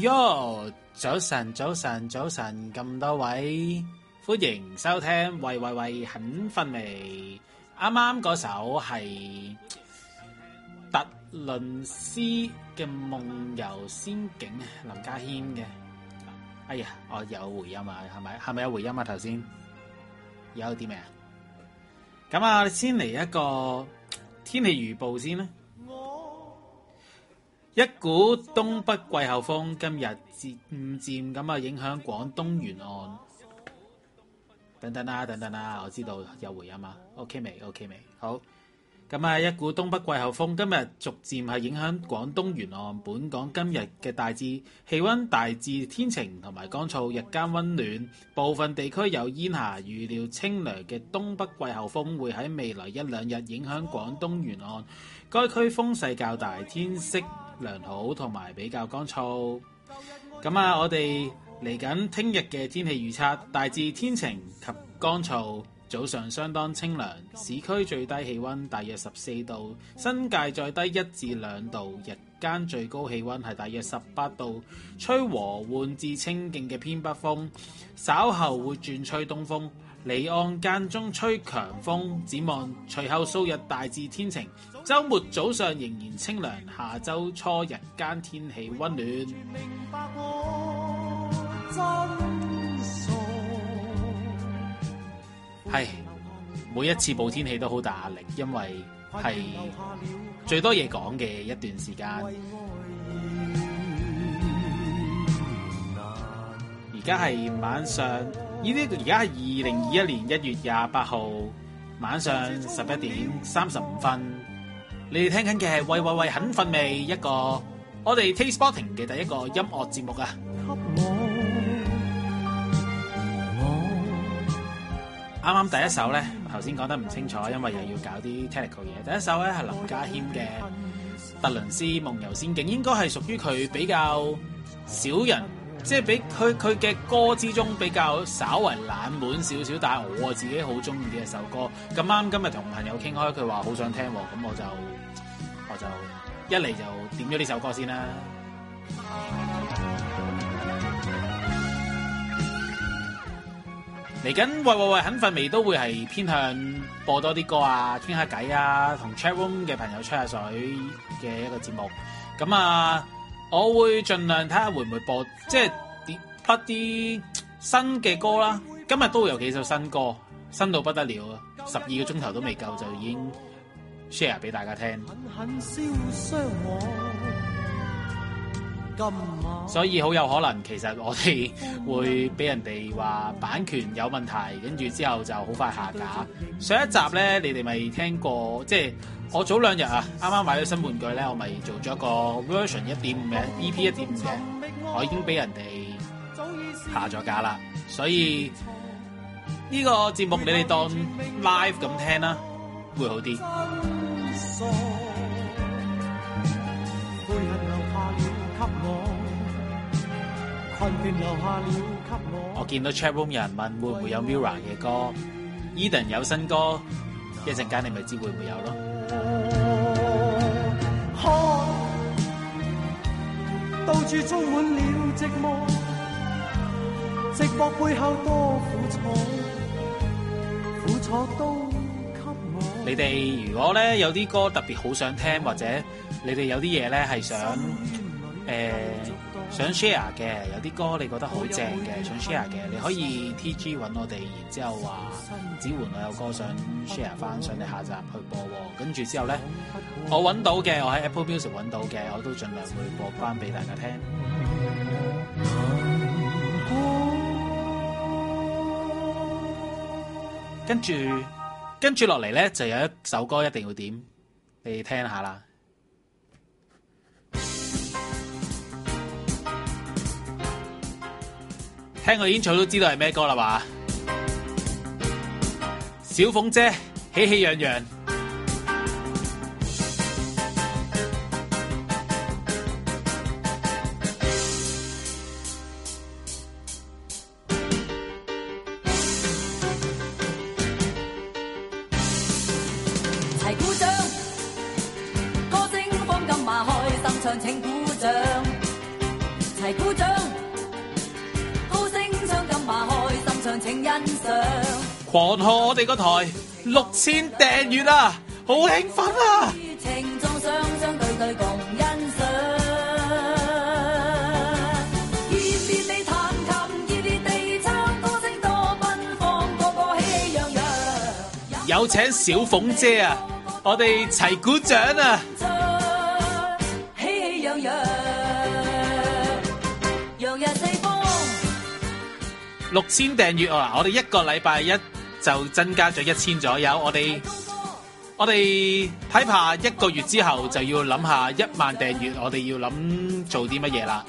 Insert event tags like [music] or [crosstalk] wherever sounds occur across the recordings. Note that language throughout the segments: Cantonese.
喲，Yo, 早晨，早晨，早晨，咁多位歡迎收聽《喂喂喂》喂，肯瞓未。啱啱嗰首係特倫斯嘅《夢遊仙境》，林家謙嘅。哎呀，我有回音啊，係咪？係咪有回音啊？頭先有啲咩啊？咁啊，先嚟一個天氣預報先啦。一股東北季候風今日漸漸咁啊影響廣東沿岸，等等啦、啊，等等啦、啊，我知道有回音啊，OK 未？OK 未？好，咁啊一股東北季候風今日逐漸係影響廣東沿岸，本港今日嘅大致氣温大致天晴同埋乾燥，日間溫暖，部分地區有煙霞。預料清涼嘅東北季候風會喺未來一兩日影響廣東沿岸，該區風勢較大，天色。良好同埋比較乾燥，咁啊，我哋嚟緊聽日嘅天氣預測，大致天晴及乾燥，早上相當清涼，市區最低氣温大約十四度，新界再低一至兩度，日間最高氣温係大約十八度，吹和緩至清勁嘅偏北風，稍後會轉吹東風，離岸間中吹強風，展望隨後數日大致天晴。周末早上仍然清涼，下周初日間天氣溫暖。係每一次報天氣都好大壓力，因為係最多嘢講嘅一段時間。而家係晚上，呢啲而家係二零二一年一月廿八號晚上十一點三十五分。你哋聽緊嘅係喂喂喂，肯瞓未？一個我哋 Taste b o t i n g 嘅第一個音樂節目啊！啱啱第一首咧，頭先講得唔清楚，因為又要搞啲 technical 嘢。第一首咧係林家謙嘅《特倫斯夢遊仙境》，應該係屬於佢比較少人，即係比佢佢嘅歌之中比較稍為冷門少少，但係我自己好中意嘅一首歌。咁啱今日同朋友傾開，佢話好想聽，咁我就。就一嚟就點咗呢首歌先啦，嚟緊喂喂喂，肯瞓未？都會係偏向播多啲歌啊，傾下偈啊，同、啊、chat room 嘅朋友吹下水嘅一個節目。咁啊，我會盡量睇下會唔會播，即係啲啲新嘅歌啦。今日都有幾首新歌，新到不得了，十二個鐘頭都未夠就已經，share 俾大家聽，所以好有可能其實我哋會俾人哋話版權有問題，跟住之後就好快下架。上一集咧，你哋咪聽過？即係我早兩日啊，啱啱買咗新玩具咧，我咪做咗一個 version 一點五嘅 EP 一點五嘅，我已經俾人哋下咗架啦。所以呢個節目你哋當 live 咁聽啦、啊，會好啲。我,我,我見到 Chat Room 有人問會唔會有 Mirror 嘅歌有，Eden 有新歌，嗯、一陣間你咪知會唔會有好可，到處充滿了寂寞，寂寞背後多苦楚，苦楚都。你哋如果咧有啲歌特別好想聽，或者你哋有啲嘢咧係想誒想 share 嘅，有啲歌你覺得好正嘅，想 share 嘅，你可以 TG 揾我哋，然之後話指換我有歌想 share 翻，想你下集去播。跟住之後咧，我揾到嘅，我喺 Apple Music 揾到嘅，我都盡量會播翻俾大家聽。跟住。跟住落嚟呢，就有一首歌一定要點你聽一下啦。聽個演奏都知道係咩歌啦嘛，小鳳姐喜氣洋洋。我哋個台六千訂閱啦，好興奮啊！有請小鳳姐啊，我哋齊鼓掌啊！喜氣洋洋，洋洋四方。六千訂閱啊，我哋一個禮拜一，就增加咗一千左右，我哋我哋睇下一個月之後就要諗下一萬訂閱，我哋要諗做啲乜嘢啦？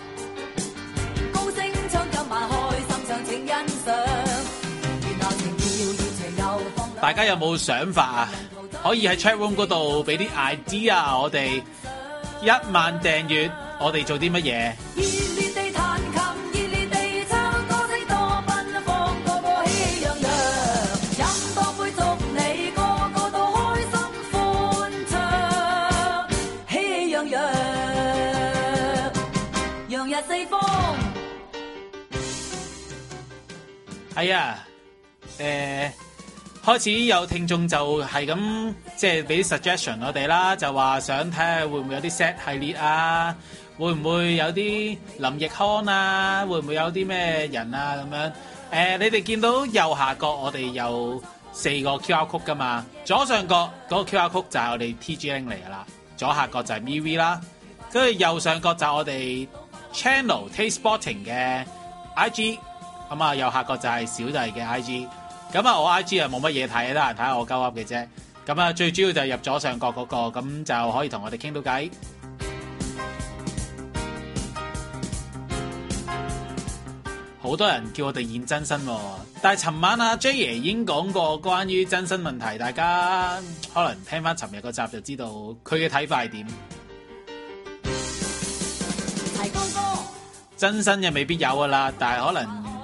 大家有冇想法啊？可以喺 chat room 嗰度俾啲 idea 啊！我哋一萬訂閱，嗯、我哋做啲乜嘢？係啊，誒、哎呃，開始有聽眾就係咁，即係俾啲 suggestion 我哋啦，就話、是、想睇下會唔會有啲 set 系列啊，會唔會有啲林奕匡啊，會唔會有啲咩人啊咁樣？誒、呃，你哋見到右下角我哋有四個 QR Code 噶嘛？左上角嗰個 QR Code 就係我哋 TGN 嚟噶啦，左下角就係 MV 啦，跟住右上角就係我哋 channel Taste Spotting 嘅 IG。咁啊、嗯，右下角就係小弟嘅 I G，咁啊，看看我 I G 啊，冇乜嘢睇，得閒睇下我鳩噏嘅啫。咁啊，最主要就入咗上角嗰、嗰個，咁就可以同我哋傾到偈。好、嗯、多人叫我哋演真身，啊，但係尋晚阿 J 爺已經講過關於真身問題，大家可能聽翻尋日個集就知道佢嘅睇法係點。係哥哥，真身又未必有㗎喇，但係可能。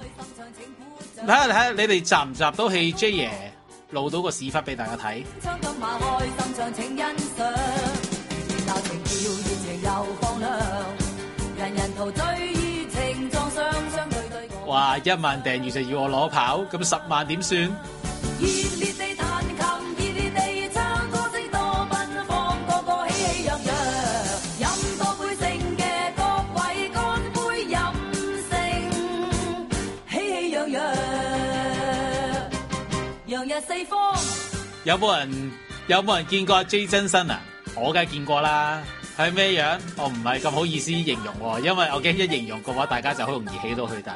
睇下睇下，看看你哋集唔集到戲？J 爺露到個屎忽俾大家睇。開心唱，請欣賞，人人陶醉於情狀，雙雙對對。哇！一萬訂閱就要我攞跑，咁十萬點算？有冇人有冇人見過阿 J 真身啊？我梗係見過啦，係咩樣？我唔係咁好意思形容，因為我驚一形容嘅話，大家就好容易起到佢底。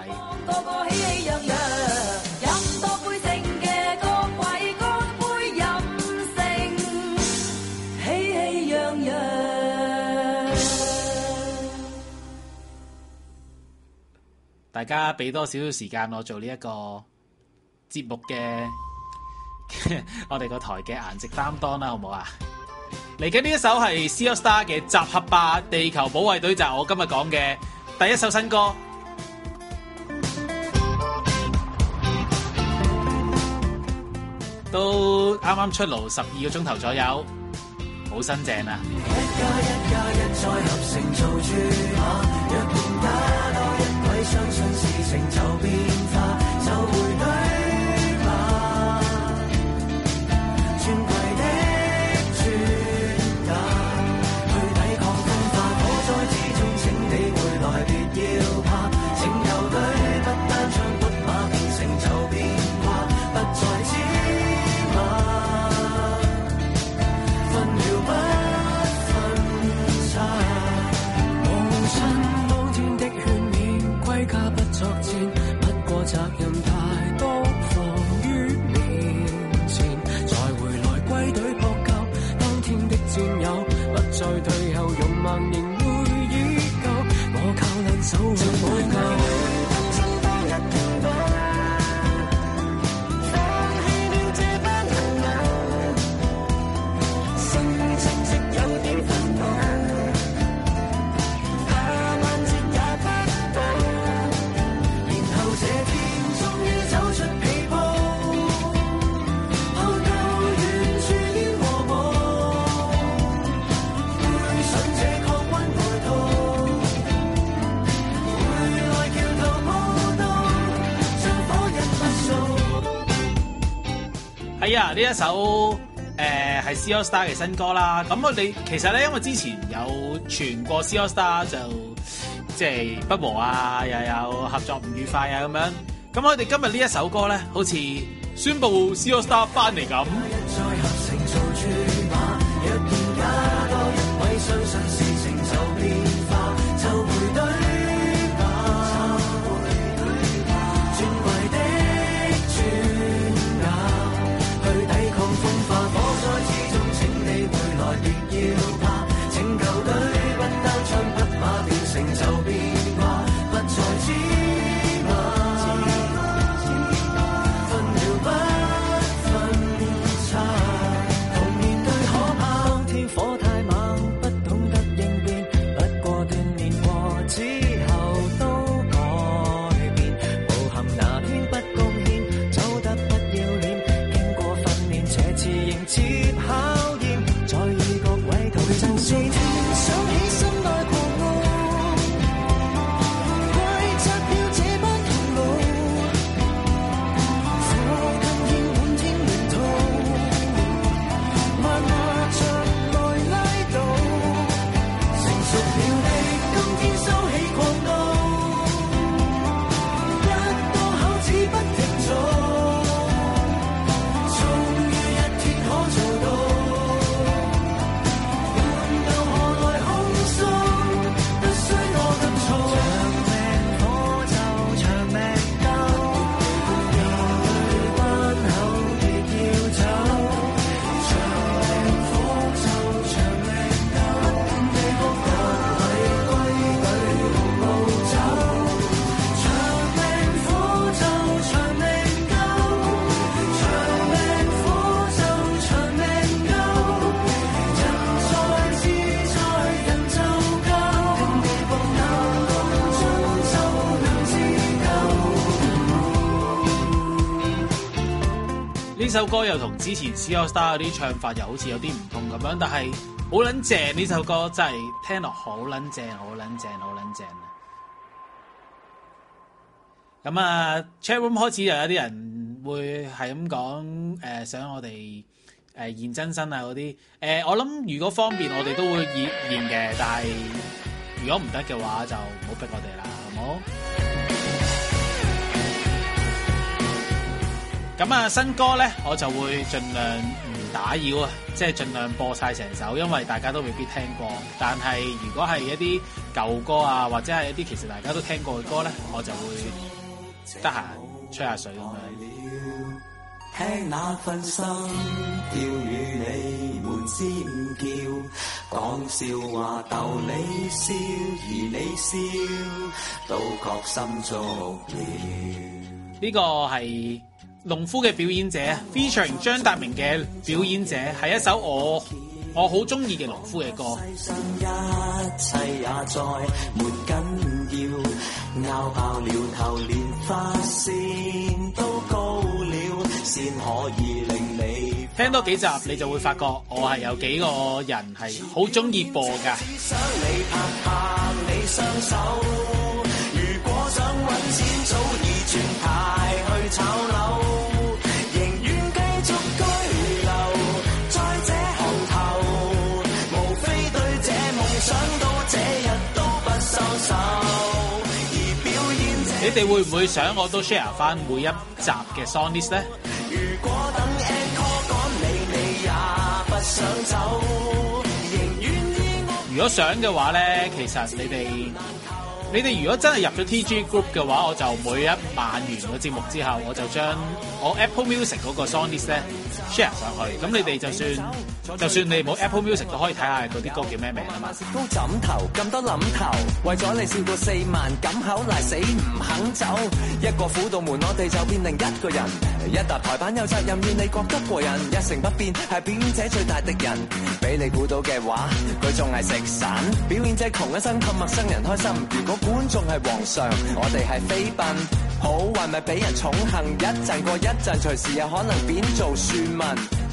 大家俾多少少時間，我做呢一個節目嘅。 [laughs] 我哋個台嘅顏值擔當啦，好唔好啊？嚟緊呢一首係《C AllStar》嘅集合吧，《地球保衛隊》就係、是、我今日講嘅第一首新歌， [music] 都啱啱出爐十二個鐘頭左右，好新正啊！哎呀，呢一首誒係 C AllStar 嘅新歌啦，咁我哋其實咧，因為之前有傳過 C AllStar 就即係、就是、不和啊，又有合作唔愉快啊咁樣，咁我哋今日呢一首歌咧，好似宣布 C AllStar 翻嚟咁。首歌又同之前 C AllStar 嗰啲唱法又好似有啲唔同咁樣，但係好撚正。呢首歌真係聽落好撚正，好撚正，好撚正。咁啊，chatroom 開始又有啲人會係咁講，誒、呃，想我哋誒、呃、現真身啊嗰啲，誒、呃，我諗如果方便我哋都會現現嘅，但係如果唔得嘅話就唔好逼我哋啦，好冇？咁啊新歌咧，我就會盡量唔打擾啊，即係盡量播晒成首，因為大家都未必聽過。但係如果係一啲舊歌啊，或者係一啲其實大家都聽過嘅歌咧，我就會得閒吹下水咁樣。聽那份心跳，要與你們尖叫，講笑話逗你笑，而你笑都覺心足了。呢個係。農夫嘅表演者，featuring 張達明嘅表演者係一首我我好中意嘅農夫嘅歌。聽多幾集你就會發覺我係有幾個人係好中意播㗎。只想你拍拍你想你哋會唔會想我都 share 返每一集嘅 song list 咧？如果想嘅話咧，其實你哋。你哋如果真係入咗 TG Group 嘅話，我就每一晚完個節目之後，我就將我 Apple Music 個 song list share 上去，咁你哋就算就算你冇 Apple Music 都可以睇下嗰啲歌叫咩名。慢慢食高枕頭咁多諗頭，為咗你笑到四萬咁口，賴死唔肯走，一個輔導門，我哋就變另一個人。一沓台板，有責任要你覺得過癮，一成不變係表演者最大敵人，俾你估到嘅話，佢仲係食散，表演者窮一生氹陌生人開心。觀眾係皇上，我哋係妃嬪，好壞咪俾人寵幸一陣過一陣，隨時有可能變做庶民，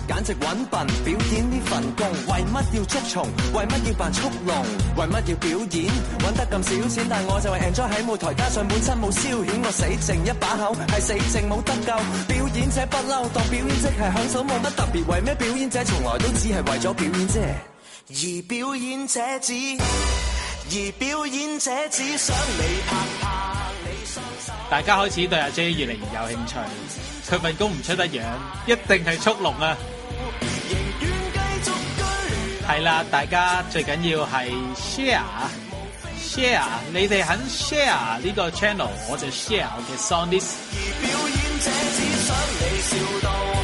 簡直揾笨。表演呢份工，為乜要捉蟲？為乜要扮速龍？為乜要表演？揾得咁少錢，但我就係 enjoy 喺舞台，加上本身冇消遣，我死剩一把口，係死剩冇得救。表演者不嬲，當表演即係享受，冇乜特別。為咩表演者從來都只係為咗表演啫？而表演者只。而表演者只想你拍拍，你雙手。大家開始對阿 J 越嚟越有興趣，佢份工唔出得樣，一定係速龍啊！係啦，大家最緊要係 share share，你哋肯 share 呢個 channel，我就 share 我嘅 song list。而表演者只想你笑到。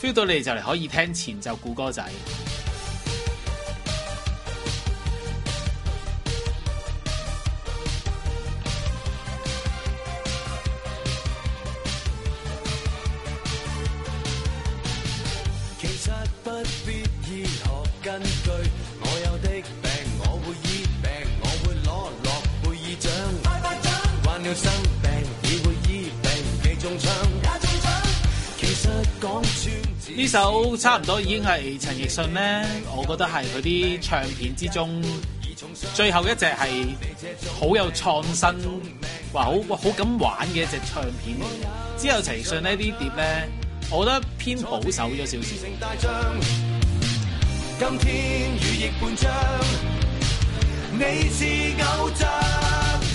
feel 到你就嚟可以聽前奏估歌仔，其實不必醫學根據，我有啲病我會醫病，我會攞諾貝爾獎，愛中獎，患了心病已會醫病，被中槍也中獎，其實講。呢首差唔多已經係陳奕迅咧，我覺得係佢啲唱片之中最後一隻係好有創新，哇！好好敢玩嘅一隻唱片。之後陳奕迅呢啲碟咧，我覺得偏保守咗少少。今天羽翼半張，你似偶像。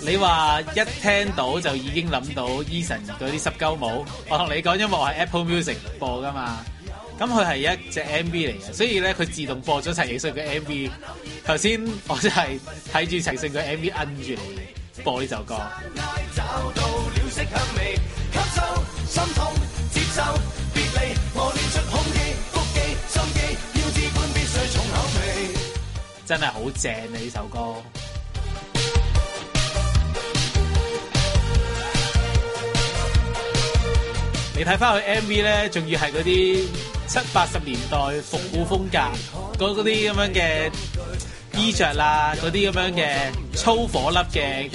你話，一聽到就已經諗到 Eason 啲濕鳩舞。我同你講，因為我係 Apple Music 播㗎嘛，咁佢係一隻 mv 嚟嘅，所以呢，佢自動播咗陳奕迅個 mv。頭先我真係睇住陳奕迅嘅 mv，摁住你播呢首歌。找到了色香味，吸收心痛接受別離，磨練出空肌腹肌心肌，要資本必須重口味。真係好正啊，呢首歌。你睇翻佢 MV 咧，仲要係嗰啲七八十年代復古風格，嗰嗰啲咁樣嘅衣著啦，嗰啲咁樣嘅粗火粒嘅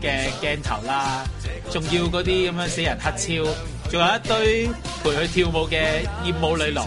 嘅鏡頭啦，仲要嗰啲咁樣死人黑超，仲有一堆陪佢跳舞嘅艷舞女郎。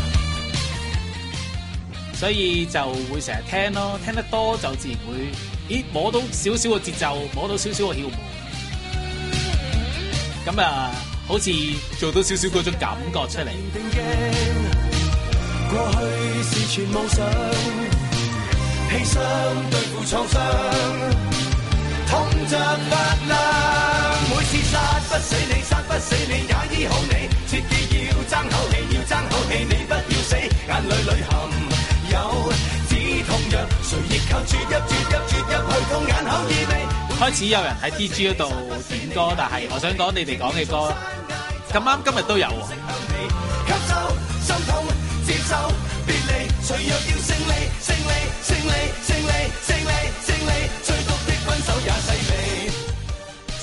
所以就會成日聽咯，聽得多就自然會咦，摸到少少嘅節奏，摸到少少嘅竅門，咁啊，好似做到少少嗰種感覺出嚟。過去是全夢想犧牲對付創傷痛着發亮，每次殺不死你，殺不死你也醫好你，切記要爭口氣要爭口氣你不要死眼淚淚含開始有人喺 D G 嗰度點歌，但係我想講你哋講嘅歌咁啱今日都有。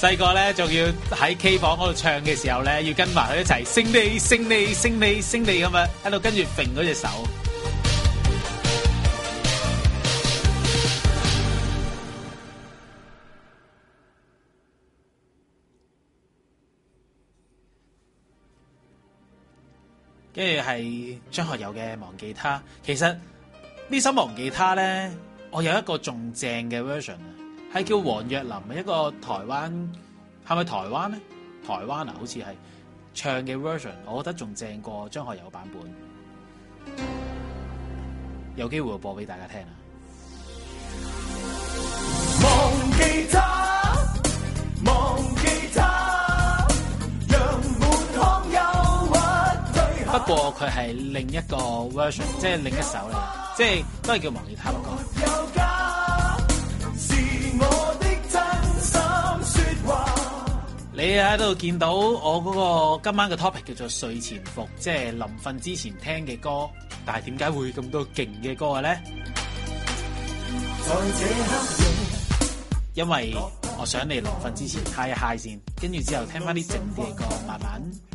細個咧仲要喺 K 房嗰度唱嘅時候咧，要跟埋佢一齊，勝利勝利勝利勝利咁樣，喺度跟住揈嗰隻手。跟住係張學友嘅《忘記他》，其實呢首《忘記他》呢，我有一個仲正嘅 version，係叫王若琳嘅一個台灣，係咪台灣呢？台灣啊，好似係唱嘅 version，我覺得仲正過張學友版本，有機會播俾大家聽啊！忘記他。不過佢係另一個 version，即係另一首嚟嘅，即係都係叫黃耀太個歌。你喺度見到我嗰個今晚嘅 topic 叫做睡前服，即係臨瞓之前聽嘅歌，但係點解會咁多勁嘅歌嘅咧？因為我想你臨瞓之前 high 一 high 先，跟住之後聽翻啲靜啲嘅歌慢慢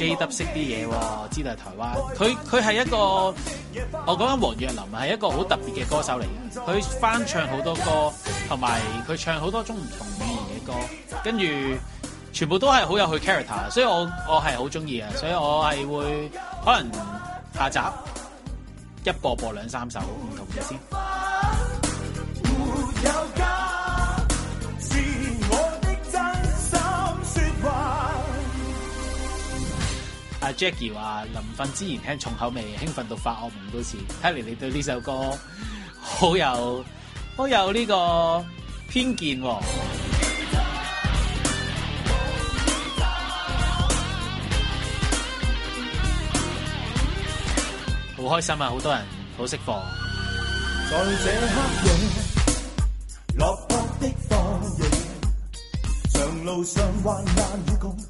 J 得識啲嘢喎，知道係台灣。佢佢係一個，我講緊黃若琳係一個好特別嘅歌手嚟嘅。佢翻唱好多歌，同埋佢唱好多種唔同語言嘅歌，跟住全部都係好有佢 character，所以我我係好中意嘅，所以我係會可能下集一播播兩三首唔同嘅先。嗯阿 Jackie 話臨瞓之前聽重口味，興奮到發惡夢都似。睇嚟你對呢首歌好有好有呢、這個偏見喎。好開心啊！好多人好識貨。在這黑夜落泊的放逐，長路上患難與共。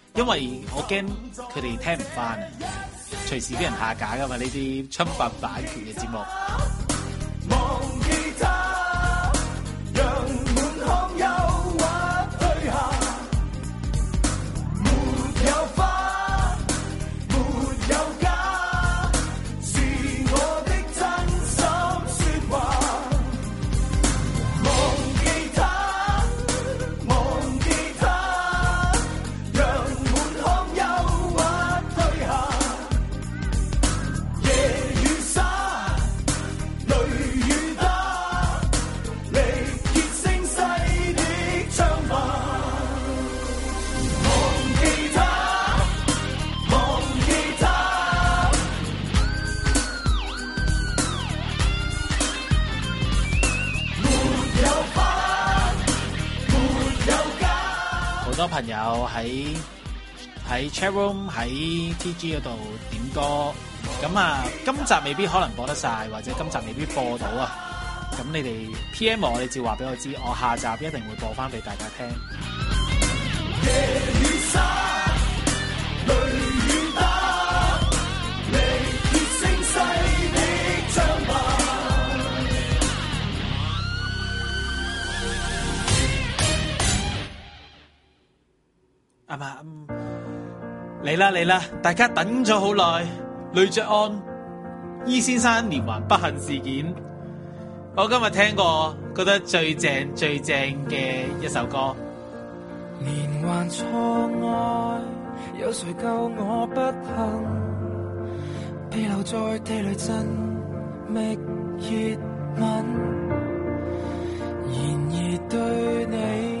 因為我驚佢哋聽唔翻啊，隨時俾人下架噶嘛呢啲侵犯版權嘅節目。喺喺 chat room 喺 TG 度點歌，咁啊，今集未必可能播得晒，或者今集未必播到啊，咁你哋 PM 我你照話俾我知，我下集一定會播翻俾大家聽。Yeah, yeah. 阿媽，嚟啦嚟啦！大家等咗好耐，呂爵安，E 先生《連環不幸事件》，我今日聽過覺得最正最正嘅一首歌。連環錯愛，有誰救我不幸？被留在地雷陣，覓熱吻。然而對你。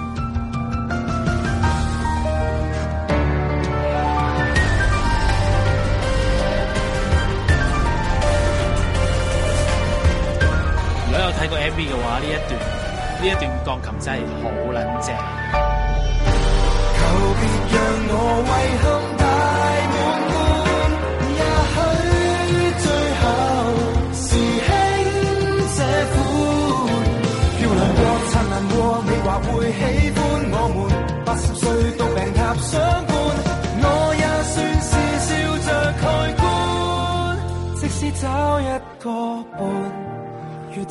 睇過 MV 嘅話，呢一段呢一段鋼琴真係好撚正。求別讓我遺憾大滿盤，也許最後是輕者觀。漂亮過，燦爛過，你話會喜歡我們八十歲到病榻相伴，我也算是笑着蓋棺，即使找一個伴。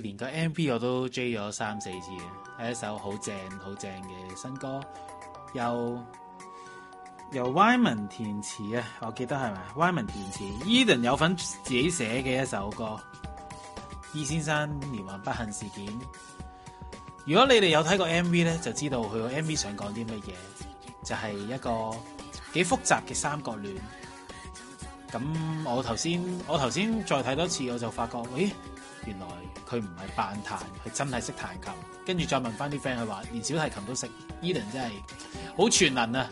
連個 MV 我都追咗三四次，係一首好正好正嘅新歌，由由 Wyman 填詞啊，我記得係咪 Wyman 填詞？Eden 有份自己寫嘅一首歌，E 先生連環不幸事件。如果你哋有睇過 MV 咧，就知道佢個 MV 想講啲乜嘢，就係一個幾複雜嘅三角戀。咁我頭先我頭先再睇多次，我就發覺，咦，原來。佢唔係扮彈，佢真係識彈琴。跟住再問翻啲 friend，佢話連小提琴都識。Ethan 真係好全能啊！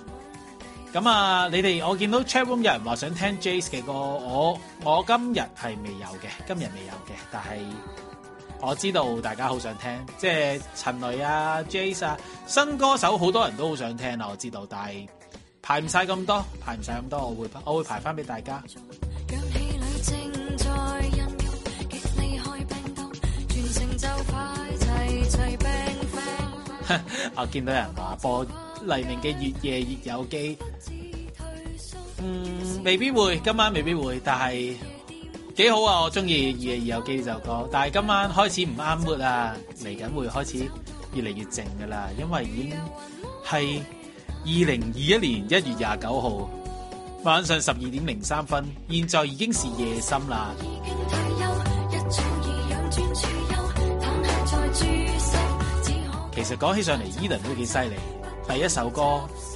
咁啊，你哋我見到 chat room 有人話想聽 Jace 嘅歌，我我今日係未有嘅，今日未有嘅。但係我知道大家好想聽，即係陳雷啊、Jace 啊、新歌手好多人都好想聽啊。我知道。但係排唔晒咁多，排唔晒咁多，我會我會排翻俾大家。 [laughs] 我見到人話播黎明嘅《越夜越有機》，嗯，未必會，今晚未必會，但係幾好啊！我中意越夜越有機嘅舊歌，但係今晚開始唔啱 mood 啊，嚟緊會開始越嚟越靜噶啦，因為已經係二零二一年一月廿九號晚上十二點零三分，現在已經是夜深啦。其實講起上嚟，Edan 都幾犀利。第一首歌，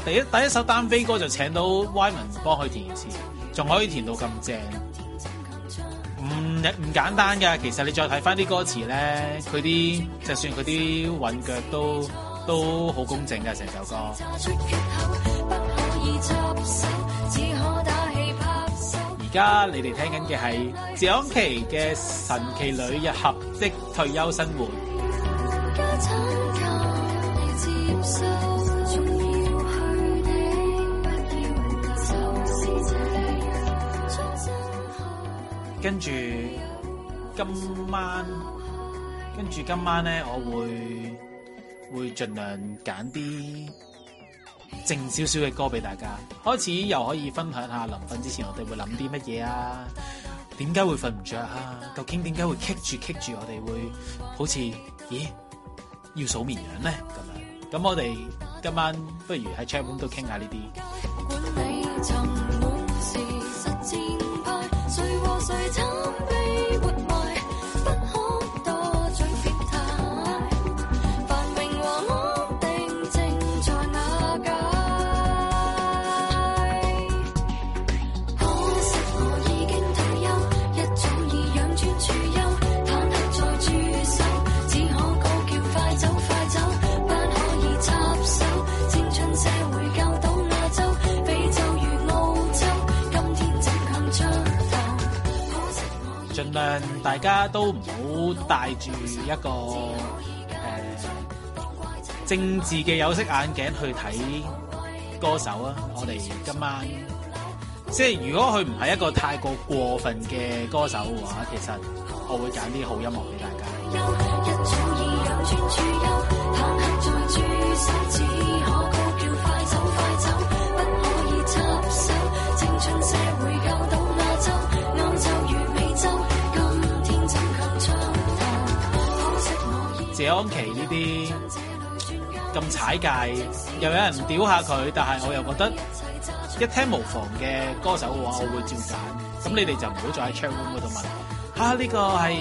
第一第一首單飛歌就請到 Wyman 幫佢填詞，仲可以填到咁正，唔唔簡單噶。其實你再睇翻啲歌詞咧，佢啲就算佢啲韻腳都都好工整㗎。成首歌。而家你哋聽緊嘅係謝安琪嘅《神奇女俠」的退休生活。跟住今晚，跟住今晚咧，我會會盡量揀啲靜少少嘅歌俾大家，開始又可以分享下臨瞓之前，我哋會諗啲乜嘢啊？點解會瞓唔着啊？究竟點解會 keep 住 keep 住我哋會好似？咦？要數綿羊咧，咁樣，咁我哋今晚不如喺 chat room 都傾下呢啲。令大家都唔好戴住一個誒、呃、政治嘅有色眼鏡去睇歌手啊！我哋今晚即係如果佢唔係一個太過過分嘅歌手嘅話，其實我會揀啲好音樂畀大家。謝安琪呢啲咁踩界，又有人屌下佢，但係我又覺得一聽無妨嘅歌手嘅話，我會照揀。咁你哋就唔好再喺窗邊嗰度問，吓、啊、呢、呢個係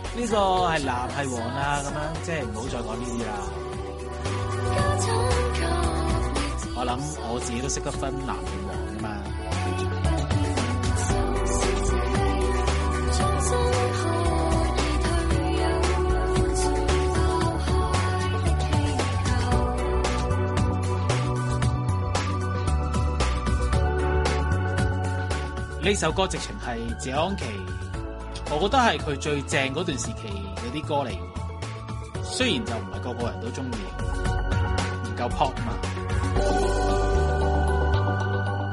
呢、呢個係藍係黃啊，咁樣即係唔好再講呢啲啦。我諗我自己都識得分藍與黃。呢首歌直情係謝安琪，我覺得係佢最正嗰段時期嘅啲歌嚟，雖然就唔係個個人都中意，唔夠 pop 嘛，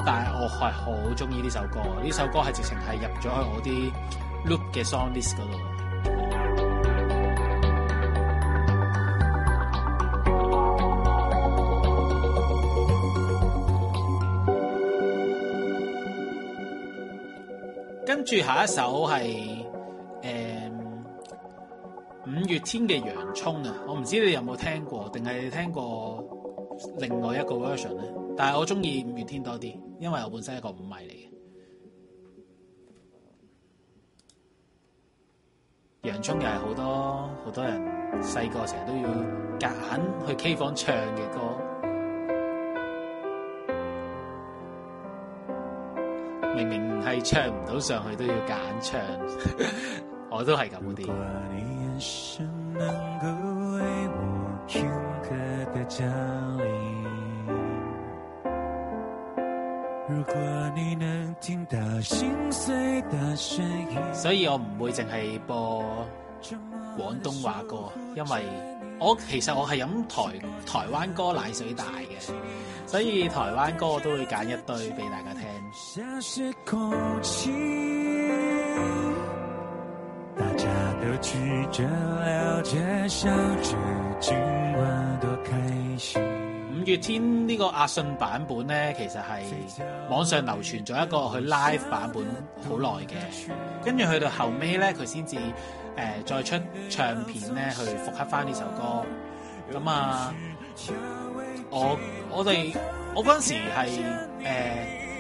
但係我係好中意呢首歌，呢首歌係直情係入咗喺我啲 loop 嘅 song list 嗰度。.跟住下一首係誒、嗯、五月天嘅洋蔥啊，我唔知你有冇聽過，定係聽過另外一個 version 咧？但係我中意五月天多啲，因為我本身係一個五迷嚟嘅。洋蔥又係好多好多人細個成日都要揀去 K 房唱嘅歌。明明係唱唔到上去都要揀唱，我都係咁嗰啲。所以，我唔會淨係播廣東話歌，因為我其實我係飲台台灣歌奶水大嘅，所以台灣歌我都會揀一堆俾大家聽。五月天呢個阿信版本咧，其實係網上流傳咗一個去 live 版本好耐嘅，跟住去到後尾咧，佢先至誒再出唱，唱片咧去復刻翻呢首歌。咁啊，我我哋我嗰陣時係誒。呃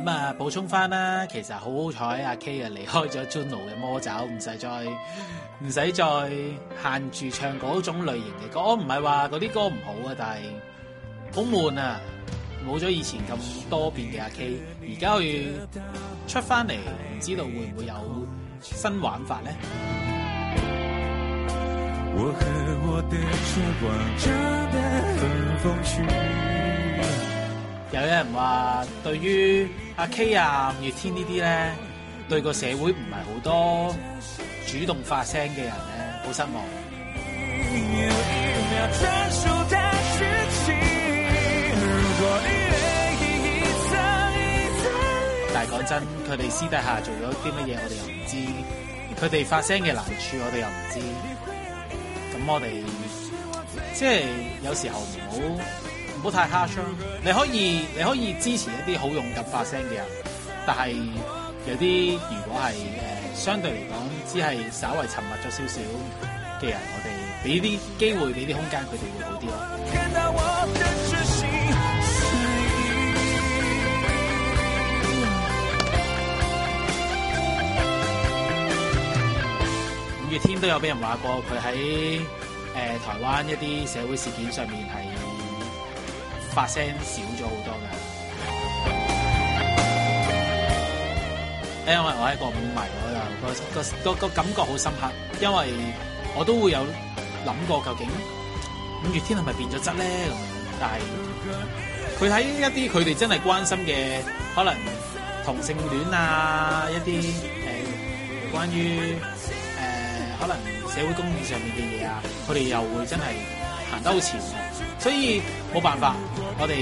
咁啊、嗯，補充翻啦，其實好好彩阿 K 啊離開咗 Juno 嘅魔爪，唔使再唔使再限住唱嗰種類型嘅歌，唔係話嗰啲歌唔好啊，但係好悶啊，冇咗以前咁多變嘅阿 K，而家去出翻嚟，唔知道會唔會有新玩法咧？有人話，對於。阿 K 啊，五月天呢啲咧，對個社會唔係好多主動發聲嘅人咧，好失望。但係講真，佢哋私底下做咗啲乜嘢，我哋又唔知；佢哋發聲嘅難處我，我哋又唔知。咁我哋即係有時候唔好。唔好太 harsh，你可以你可以支持一啲好勇敢發聲嘅人，但係有啲如果係誒相對嚟講，只係稍微沉默咗少少嘅人，我哋俾啲機會，俾啲空間，佢哋會好啲咯。 [music] 五月天都有俾人話過佢喺誒台灣一啲社會事件上面係。把聲少咗好多㗎，因為我係個五迷、迷，我又個個個、個感覺好深刻，因為我都會有諗過究竟五月天係咪變咗質咧，咁，但係佢睇一啲佢哋真係關心嘅，可能同性戀啊一啲誒、呃、關於誒、呃、可能社會公義上面嘅嘢啊，佢哋又會真係行得好前。所以冇辦法，我哋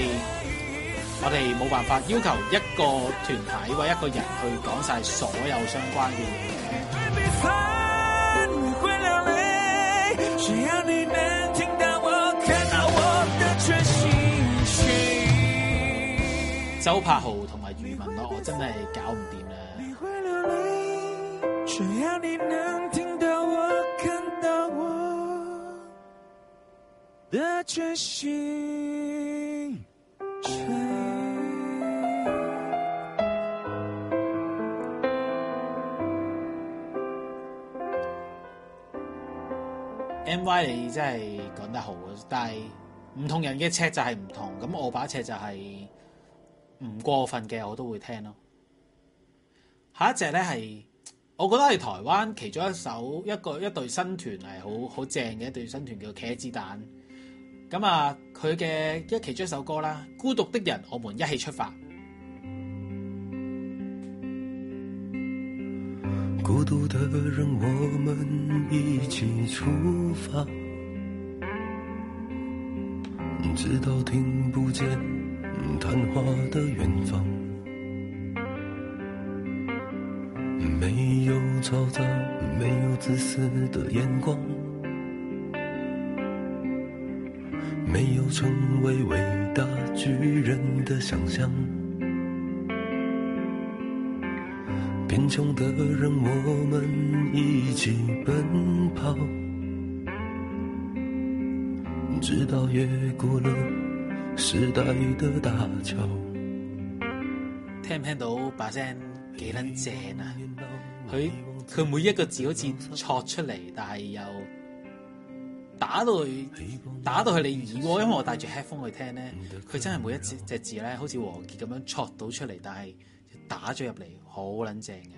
我哋冇辦法要求一個團體或者一個人去講晒所有相關嘅嘢。周柏豪同埋余文樂，我真係搞唔掂的決心，誠 [noise] 意樂。M.Y. 你真係講得好，但係唔同人嘅尺就係唔同。咁我把尺就係唔過分嘅，我都會聽咯。下一隻呢係，我覺得係台灣其中一首一個一對新團係好好正嘅一對新團，叫茄子蛋。咁啊，佢嘅一其中一首歌啦，《孤獨的人，我們一起出發》。孤獨的人，我們一起出發，直到聽不見談話的遠方，沒有嘈雜，沒有自私的眼光。沒有成為偉大巨人的想象，貧窮的人我們一起奔跑，直到越過了時代的大橋。聽唔聽到把聲幾撚正啊？佢佢每一個字好似挫出嚟，但係又。打到佢，打到佢你耳窩，因為我戴住 headphone 去聽呢，佢真係每一隻字咧，好似王傑咁樣撮到出嚟，但係打咗入嚟，好撚正嘅。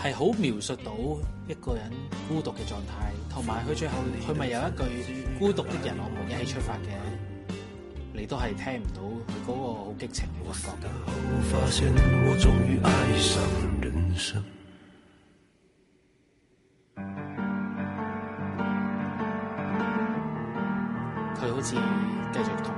係好描述到一個人孤獨嘅狀態，同埋佢最後佢咪有一句孤獨的人，我們一起出發嘅，你都係聽唔到佢嗰個好激情嘅感覺。佢、嗯、好似繼續同。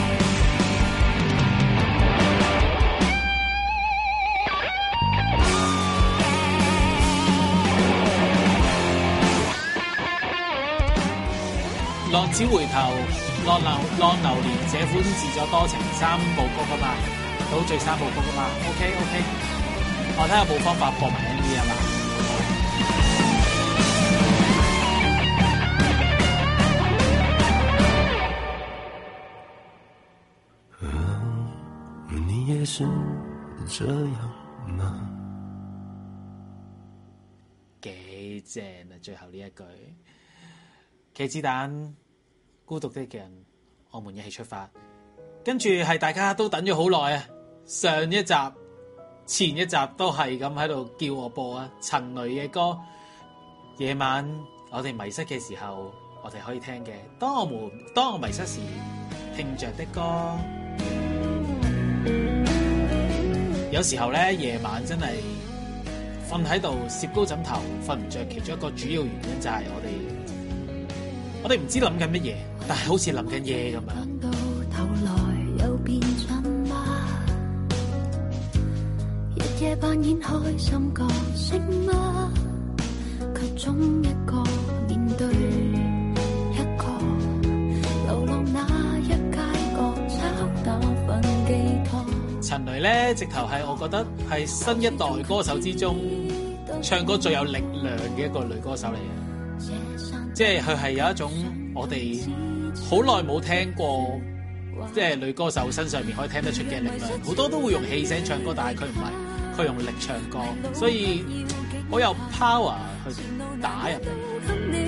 浪子回頭，浪流浪流連，這款自作多情三部曲啊嘛，都最三部曲啊嘛。OK OK，我睇下部方法破唔可以啊嘛。你也是這樣嗎？幾正啊！最後呢一句茄子蛋。孤獨啲嘅人，我們一起出發。跟住係大家都等咗好耐啊！上一集，前一集都係咁喺度叫我播啊，陳雷嘅歌。夜晚我哋迷失嘅時候，我哋可以聽嘅。當我們當我迷失時，聽着的歌。有時候咧，夜晚真係瞓喺度，攝高枕頭瞓唔着，其中一個主要原因就係我哋。我哋唔知諗緊乜嘢，但係好似諗緊嘢咁啊！陳雷咧，直頭係我覺得係新一代歌手之中，唱歌最有力量嘅一個女歌手嚟嘅。即係佢係有一種我哋好耐冇聽過，即係女歌手身上面可以聽得出嘅力量，好多都會用氣聲唱歌，但係佢唔係，佢用力唱歌，所以好有 power 去打入嚟。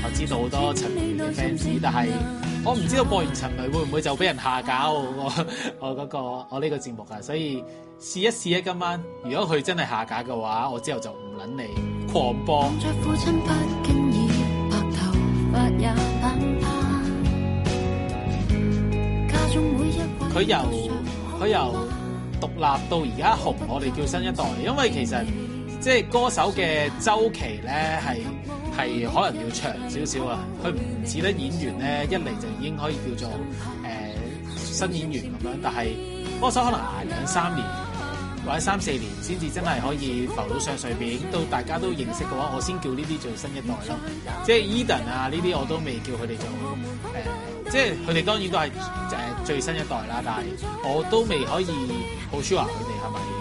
我知道好多陳奕迅嘅 fans，但係。我唔知道播完陳蕾會唔會就俾人下架，我嗰個我呢個節目啊，所以試一試啊，今晚如果佢真係下架嘅話，我之後就唔捻你狂播。佢由佢由獨立到而家紅，我哋叫新一代，因為其實。即係歌手嘅周期咧，係係可能要長少少啊！佢唔似得演員咧，一嚟就已經可以叫做誒、呃、新演員咁樣，但係歌手可能捱兩三年或者三四年先至真係可以浮到上水面，到大家都認識嘅話，我先叫呢啲最新一代咯。即係、e、Eden 啊，呢啲我都未叫佢哋做誒、呃、即係佢哋當然都係誒最新一代啦，但係我都未可以好 sure 話佢哋係咪，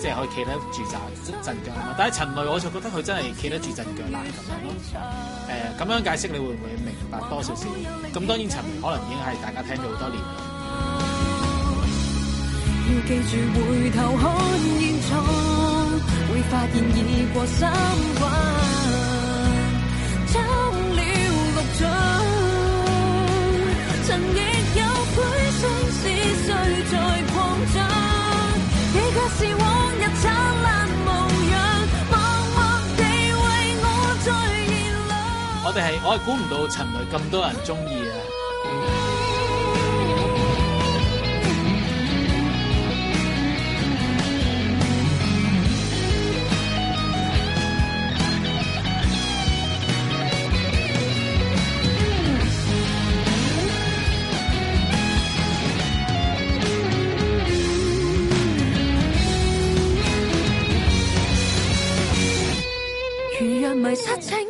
即係可以企得住陣，即係陣腳啦。但係陳雷我就覺得佢真係企得住陣腳啦咁樣咯。誒，咁樣解釋你會唔會明白多少少？咁當然陳雷可能已經係大家聽咗好多年啦。要記住回頭看現場，會發現已過三關，斬了六將。曾亦有悔恨，是誰在擴張？記掛是往我哋係，我係估唔到陳雷咁多人中意啊！如若迷失，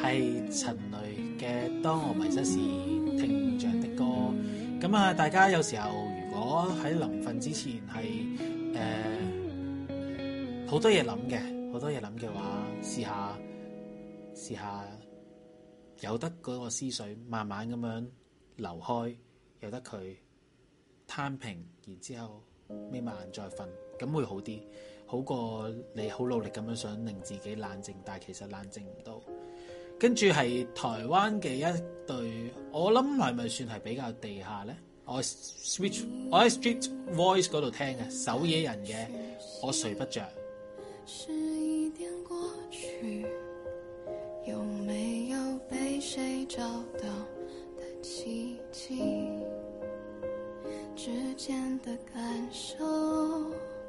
係陳雷嘅《當我迷失時》，聽唔着的歌。咁啊，大家有時候如果喺臨瞓之前係誒好多嘢諗嘅，好多嘢諗嘅話，試下試下由得嗰個思緒慢慢咁樣流開，由得佢攤平，然之後眯埋眼再瞓，咁會好啲。好過你好努力咁樣想令自己冷靜，但係其實冷靜唔到。跟住係台灣嘅一隊，我諗係咪算係比較地下咧？我 Switch，我喺 Street Voice 嗰度聽嘅《守夜人》嘅《我睡不著》。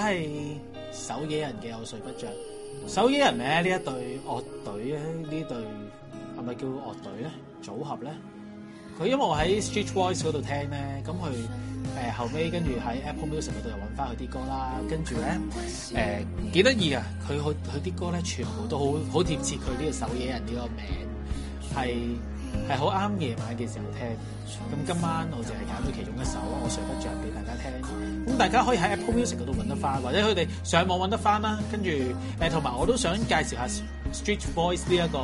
係守夜人嘅有睡不着。守夜人咧，呢一隊樂隊，呢隊係咪叫樂隊咧，組合咧？佢因為我喺 Street Voice 嗰度聽咧，咁佢誒後尾跟住喺 Apple Music 嗰度又搵返佢啲歌啦，跟住咧誒幾得意啊！佢佢佢啲歌咧全部都好好貼切佢呢個守夜人呢個名係。是係好啱夜晚嘅時候聽，咁今晚我淨係揀咗其中一首，我睡不着俾大家聽。咁大家可以喺 Apple Music 嗰度揾得翻，或者佢哋上網揾得翻啦。跟住呃、同埋我都想介紹下 Street Voice、呢個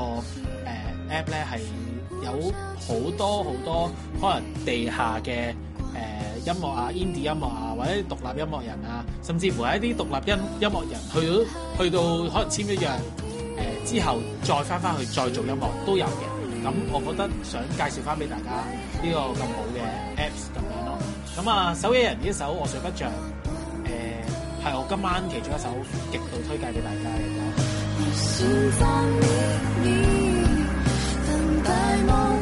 呃、呢一個 App 咧，係有好多好多可能地下嘅、呃、音樂啊、indie 音樂啊，或者獨立音樂人啊，甚至乎係一啲獨立音音樂人去到去到可能簽咗約、呃、之後，再翻翻去再做音樂都有嘅。咁，我覺得想介紹翻俾大家呢個咁好嘅 apps 咁樣咯。咁啊，守夜人呢首《我睡不着》。誒、呃、係我今晚其中一首極度推介俾大家嘅歌。啊 [music]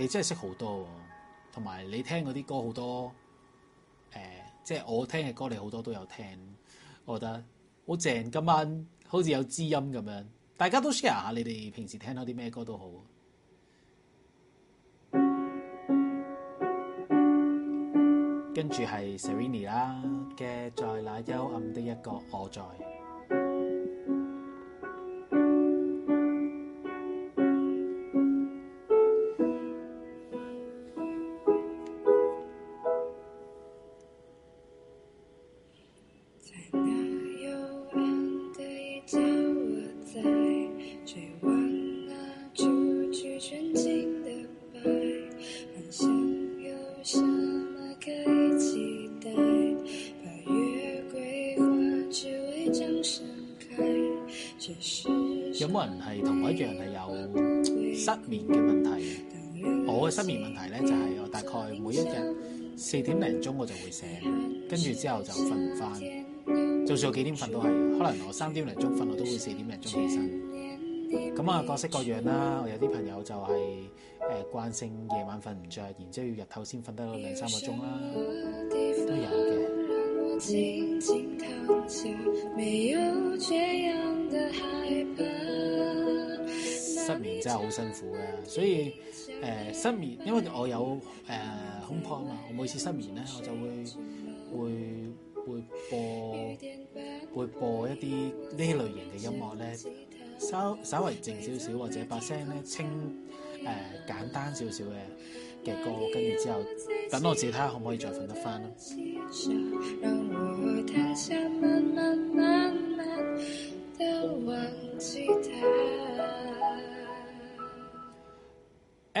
你真係識好多，同埋你聽嗰啲歌好多，誒、呃，即、就、係、是、我聽嘅歌，你好多都有聽，我覺得好正。今晚好似有知音咁樣，大家都 share 下你哋平時聽到啲咩歌都好。跟住係 Serrini 啦嘅在那幽暗的一個我在。問題，嘅我嘅失眠問題咧就係我大概每一日四點零鐘我就會醒，跟住之後就瞓唔翻，就算幾幾點瞓都係。可能我三點零鐘瞓我都會四點零鐘起身。咁啊各色各樣啦，我有啲朋友就係誒慣性夜晚瞓唔着，然之後要日頭先瞓得兩三個鐘啦，都有嘅。嗯失眠真係好辛苦嘅，所以誒、呃、失眠，因為我有誒恐怕啊嘛，我每次失眠咧，我就會會會播會播一啲呢類型嘅音樂咧，稍稍為靜少少或者把聲咧清，誒、呃、簡單少少嘅嘅歌，跟住之後等我自己睇下可唔可以再瞓得返咯。嗯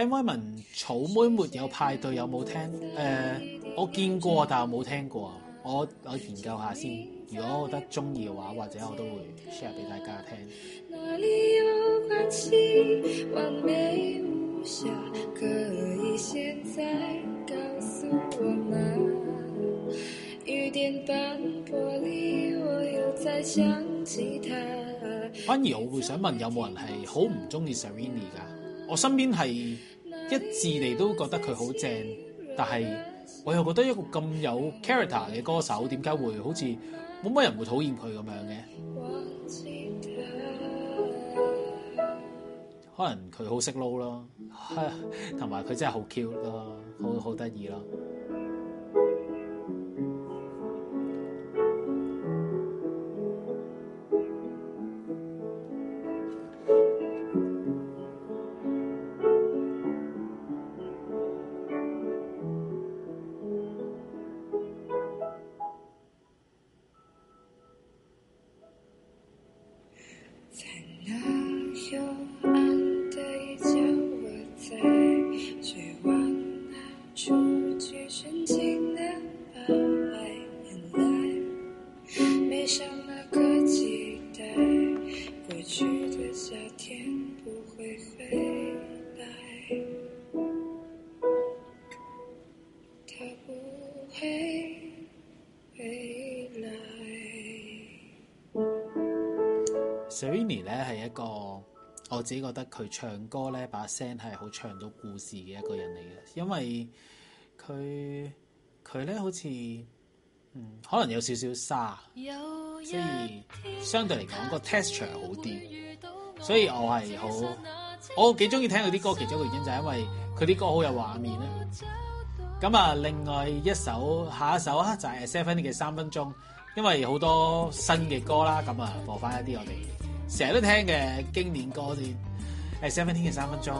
M.Y. n 草莓沒有派對有冇聽？誒、uh,，我見過，但係我冇聽過。我我研究下先。如果我覺得中意嘅話，或者我都會 share 俾大家聽。 [music] 反而我會想問，有冇人係好唔中意 Serrini 噶？我身邊係。一致地都覺得佢好正，但係我又覺得一個咁有 character 嘅歌手，點解會好似冇乜人會討厭佢咁樣嘅？可能佢好識撈咯，同埋佢真係好 cute 咯，好好得意咯。我自己覺得佢唱歌咧，把聲係好唱到故事嘅一個人嚟嘅，因為佢佢咧好似，嗯，可能有少少沙，所以相對嚟講個 texture 好啲，所以我係好，我幾中意聽佢啲歌，其中一個原因就係因為佢啲歌好有畫面啦。咁啊，另外一首下一首啊，就是，就係 Seven 的嘅三分鐘，因為好多新嘅歌啦，咁啊播翻一啲我哋。成日都聽嘅經典歌，先係 Seventeen 嘅三分鐘。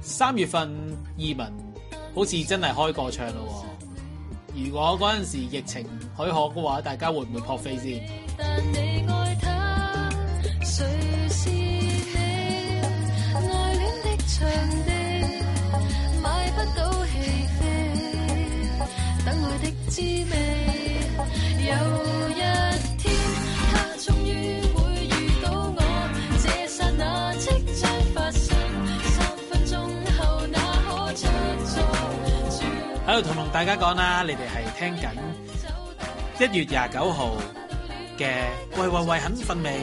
三月份二汶好似真係開個唱咯。如果嗰時疫情許可嘅話，大家會唔會撲飛先？喺度同大家講啦，你哋係聽緊一月廿九號嘅喂喂喂，肯瞓未。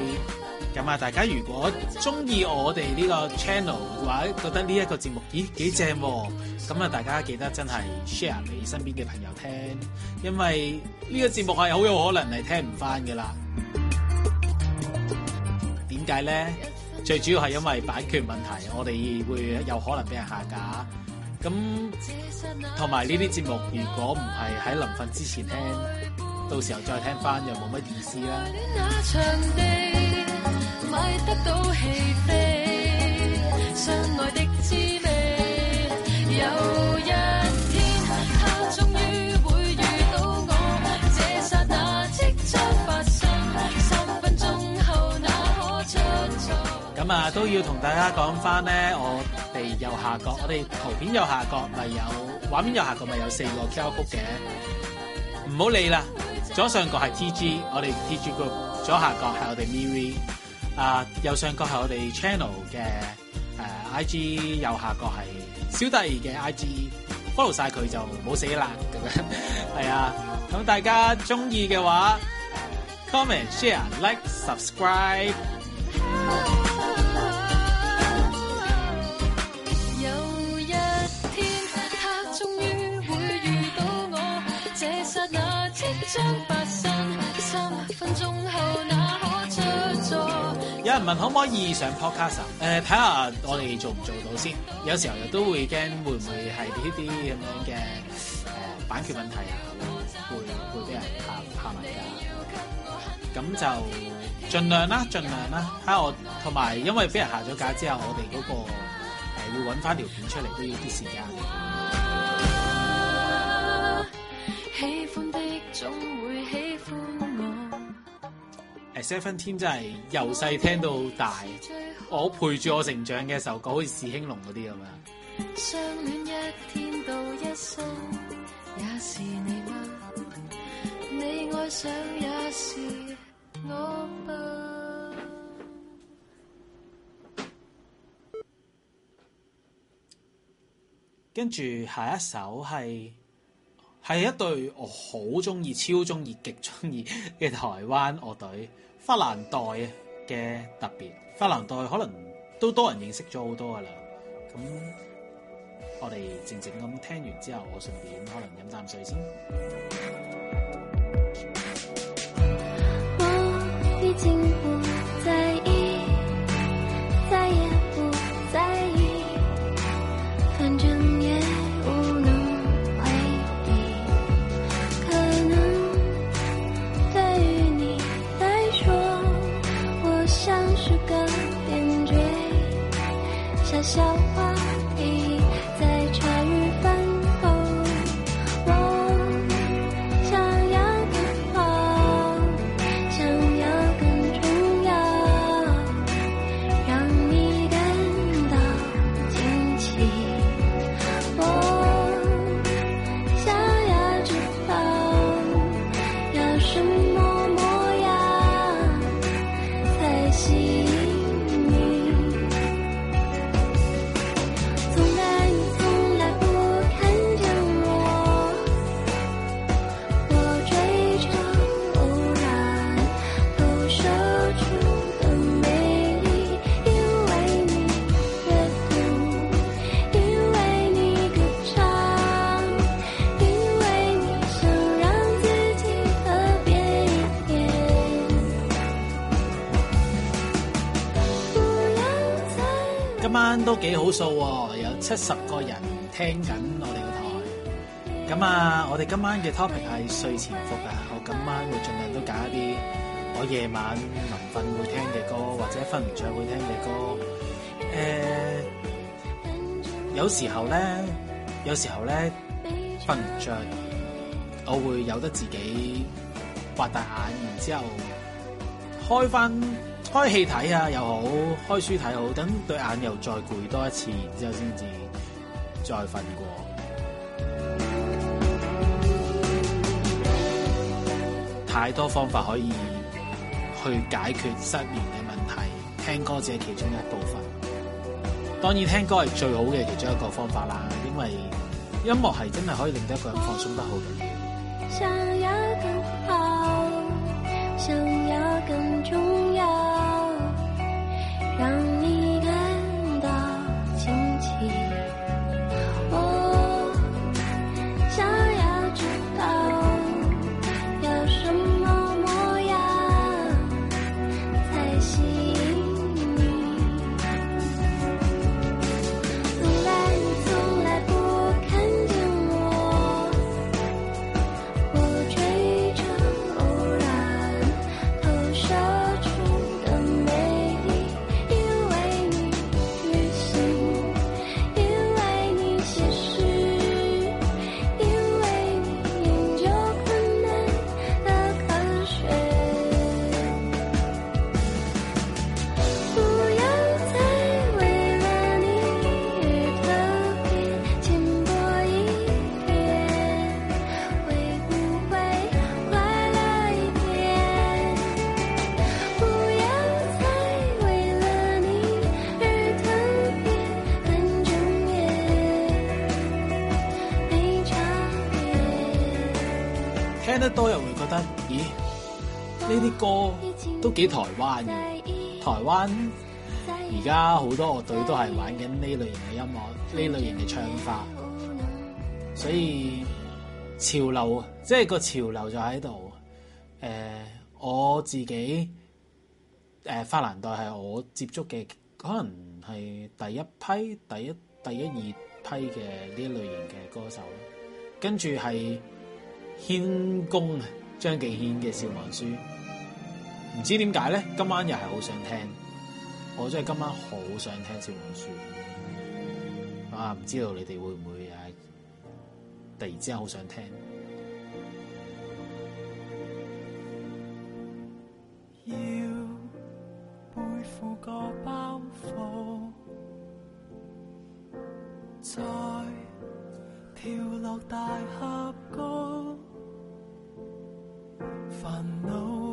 咁啊，大家如果中意我哋呢個 channel 嘅話，覺得呢一個節目咦幾正，咁啊大家記得真係 share 俾身邊嘅朋友聽，因為呢個節目係好有可能係聽唔翻噶啦。解咧，最主要係因為版權問題，我哋會有可能俾人下架。咁同埋呢啲節目，如果唔係喺臨瞓之前聽，到時候再聽返又冇乜意思啦。 [music] 咁啊，都要同大家講翻咧，我哋右下角，我哋圖片右下角，咪有畫面右下角咪有四個焦曲嘅，唔好理啦。左上角係 T G，我哋 T G Group；左下角係我哋 Miwi，啊右上角係我哋 Channel 嘅、啊、I G，右下角係小弟嘅 I G，follow 曬佢就冇死啦咁樣。係 [laughs] 啊，咁大家中意嘅話，comment、share、like、subscribe。問可唔可以上 Podcast？誒、呃，睇下我哋做唔做到先。有時候又都會驚，會唔會係呢啲咁樣嘅版權問題啊？會會俾人下下埋架。咁就盡量啦，盡量啦。睇下我同埋，因為俾人下咗架之後，我哋嗰、那個、呃、會會揾翻條片出嚟都要啲時間。 [music] Seventeen 真係由細聽到大，我陪住我成長嘅首歌，好似《士興龍》嗰啲咁樣。相戀一天到一生，也是你嗎？你愛上也是我吧。跟住下一首係係一對我好中意、超中意、極中意嘅台灣樂隊。法蘭代嘅特別，法蘭代可能都多人認識咗好多㗎喇，咁我哋靜靜咁聽完之後，我順便可能飲啖水先。 [music] 都幾好數喎，有七十個人聽緊我哋個台。咁啊，我哋今晚嘅 topic 係睡前服啊。我今晚會盡量都揀一啲我夜晚臨瞓會聽嘅歌，或者瞓唔着會聽嘅歌。誒、欸，有時候咧，有時候咧瞓唔着，我會有得自己擘大眼，然之後開翻。開戲睇啊又好，開書睇好，等對眼又再攰多一次，之後先至再瞓過。太多方法可以去解決失眠嘅問題，聽歌只係其中一部分。當然，聽歌係最好嘅其中一個方法啦，因為音樂係真係可以令到一個人放鬆得好緊要。歌都幾台灣嘅，台灣而家好多樂隊都係玩緊呢類型嘅音樂，呢類型嘅唱法，所以潮流即係個潮流就喺度。誒、呃，我自己誒、呃，法蘭代係我接觸嘅，可能係第一批、第一、第一二批嘅呢類型嘅歌手，跟住係軒公啊，張敬軒嘅笑忘書。唔知點解咧？今晚又係好想聽，我真係今晚好想，啊、想聽《小紅書》啊！唔知道你哋會唔會啊？突然之間好想聽。要背負個包袱，再跳落大峽谷，煩惱。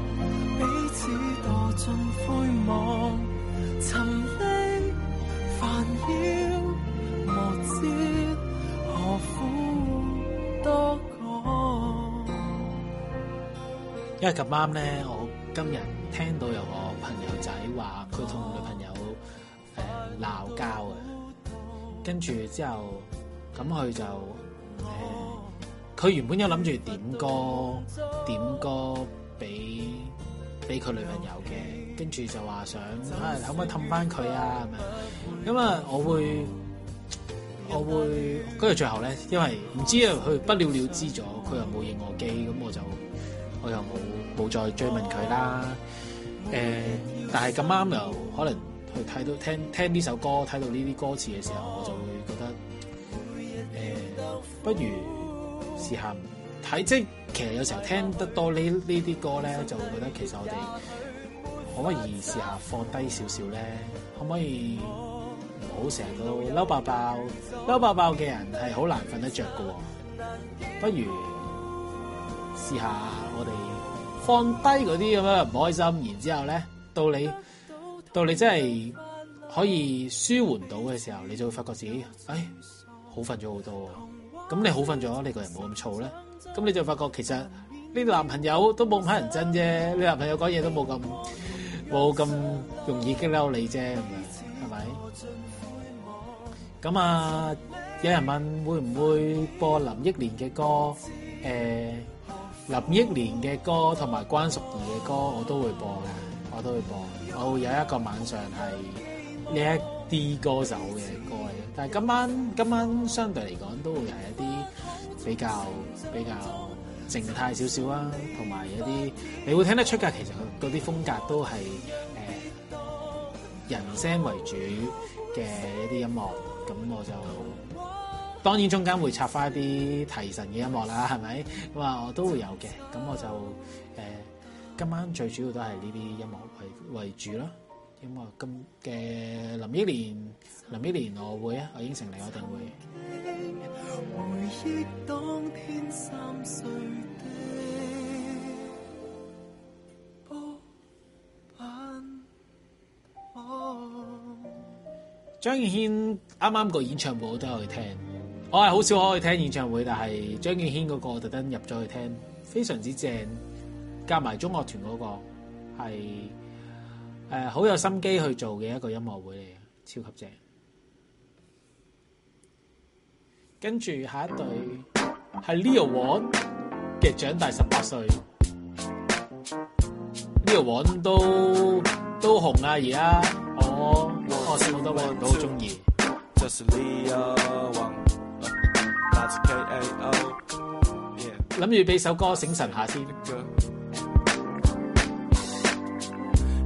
只墮盡灰霧，沉溺煩擾，莫知何苦多講因為咁啱咧，我今日聽到有個朋友仔話佢同女朋友誒鬧交呀，跟住之後咁佢就誒，佢、呃、原本有諗住點歌點歌俾。俾佢女朋友嘅，跟住就話想，唉、哎，可唔可以氹返佢啊？咁啊，我會，我會，跟住最後咧，因為唔知啊，佢不了了之咗，佢又冇應我機，咁我就，我又冇冇再追問佢啦。誒、呃，但係咁啱又可能去睇到聽聽呢首歌，睇到呢啲歌詞嘅時候，我就會覺得，誒、呃，不如試下。係，即係其實有時候聽得多這這些歌呢，呢啲歌咧，就會覺得其實我哋可唔可以試下放低少少咧，可唔可以唔好成日都嬲爆爆、嬲爆爆嘅人係好難瞓得著㗎。不如試下我哋放低嗰啲咁樣唔開心，然之後咧到你到你真係可以舒緩到嘅時候，你就會發覺自己哎好瞓咗好多。咁你好瞓咗，你個人冇咁燥咧。咁你就發覺其實你男朋友都冇咁乞人憎啫，你男朋友講嘢都冇咁冇咁容易激嬲你啫，係咪？咁啊，有人問會唔會播林憶蓮嘅歌？誒，林憶蓮嘅歌同埋關淑怡嘅歌我都會播嘅，我都會播。我會有一個晚上係呢一啲歌手嘅歌嘅，但係今晚今晚相對嚟講都會係一啲。比較比較靜態少少啦，同埋一啲你會聽得出㗎，其實嗰啲風格都係誒、呃、人聲為主嘅一啲音樂，咁我就當然中間會插翻一啲提神嘅音樂啦，係咪？咁啊，我都會有嘅，咁我就誒、呃、今晚最主要都係呢啲音樂為，為主啦。咁啊，咁嘅林憶蓮，林憶蓮，我會啊，我應承你，我一定會。回憶當天三歲的不安。張敬軒啱啱個演唱會都有去聽，我係好少可以聽演唱會，但係張敬軒嗰個特登入咗去聽，非常之正，夾埋中樂團嗰個係。誒好、呃、有心機去做嘅一個音樂會嚟嘅，超級正。跟住下一隊係 Leo Wang 嘅長大十八歲，Leo Wang 都都紅啊而家，我我全部都好中意。諗住俾首歌醒神一下先。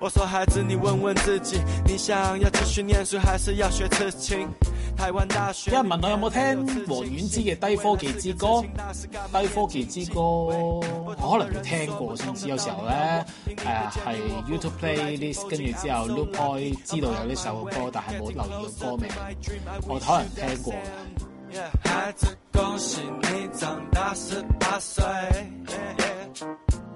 有人問我有冇聽王菀之嘅《低科技之歌》，低科技之歌，我可能要聽過先知。甚至有時候呢，誒係 YouTube playlist，跟住之後 Loopoy 知道有呢首歌，但係冇留意到歌名，我可能聽過。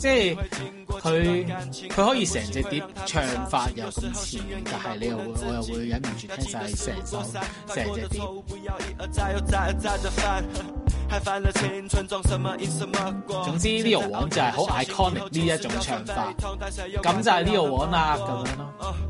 即係佢佢可以成隻碟唱法又咁前，但係你又我又會忍唔住聽晒成首成隻碟，嗯。總之呢個 o 就係好 iconic 呢一種唱法，咁，嗯、就係呢個 o 啦咁樣咯。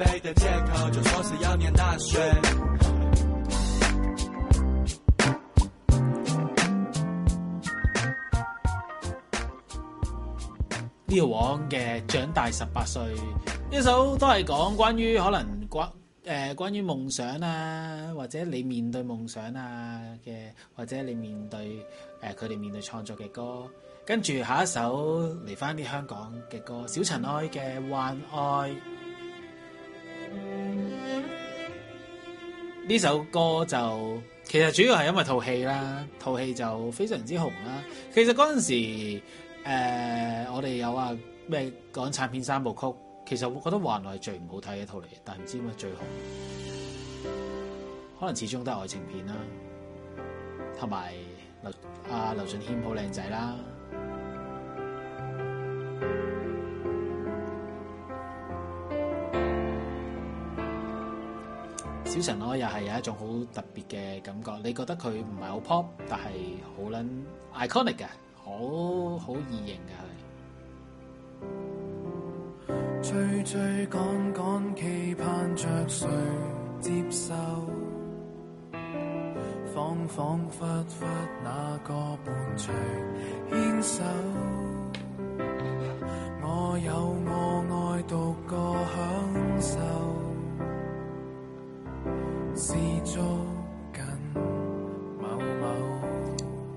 Liu w 嘅《長大十八歲》呢首都係講關於可能關誒、呃、關於夢想啊，或者你面對夢想啊嘅，或者你面對誒佢哋面對創作嘅歌。跟住下一首嚟翻啲香港嘅歌，《小塵埃》嘅《幻愛》。呢首歌就其實主要係因為套戲啦，套戲就非常之紅啦。其實嗰陣時，誒、呃，我哋有啊咩講？港產片三部曲，其實我覺得《幻愛》係最唔好睇嘅套嚟，但唔知點解最紅，可能始終都係愛情片啦，同埋劉阿劉俊謙好靚仔啦。小城咯，又係有一種好特別嘅感覺。你覺得佢唔係好 pop，但係好撚 iconic 嘅，好好異型嘅。追追趕趕，期盼着誰接受？恍恍惚惚，那個伴隨牽手？我有我愛，獨個享受。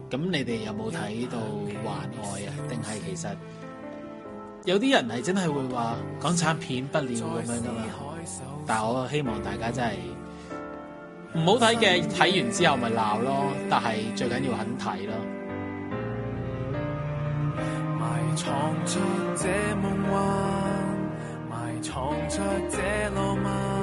咁你哋有冇睇到話愛啊？定係其實有啲人係真係會話港產片不了咁樣噶嘛？但我希望大家真係唔好睇嘅，睇完之後咪鬧咯。但係最緊要肯睇咯。埋藏着這夢幻，埋藏着這浪漫。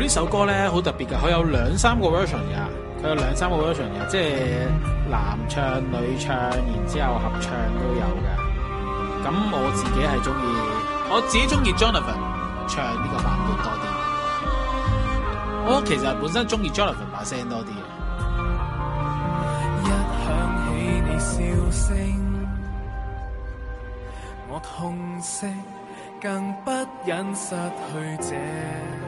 呢首歌咧好特別嘅，佢有兩三個 version 嘅，佢有兩三個 version 嘅，即係男唱、女唱，然之後合唱都有嘅。咁我自己係中意，我自己中意 Jonathan 唱呢個版本多啲。嗯，我其實本身中意 Jonathan 把聲多啲嘅。一響起你笑聲，我痛惜，更不忍失去這。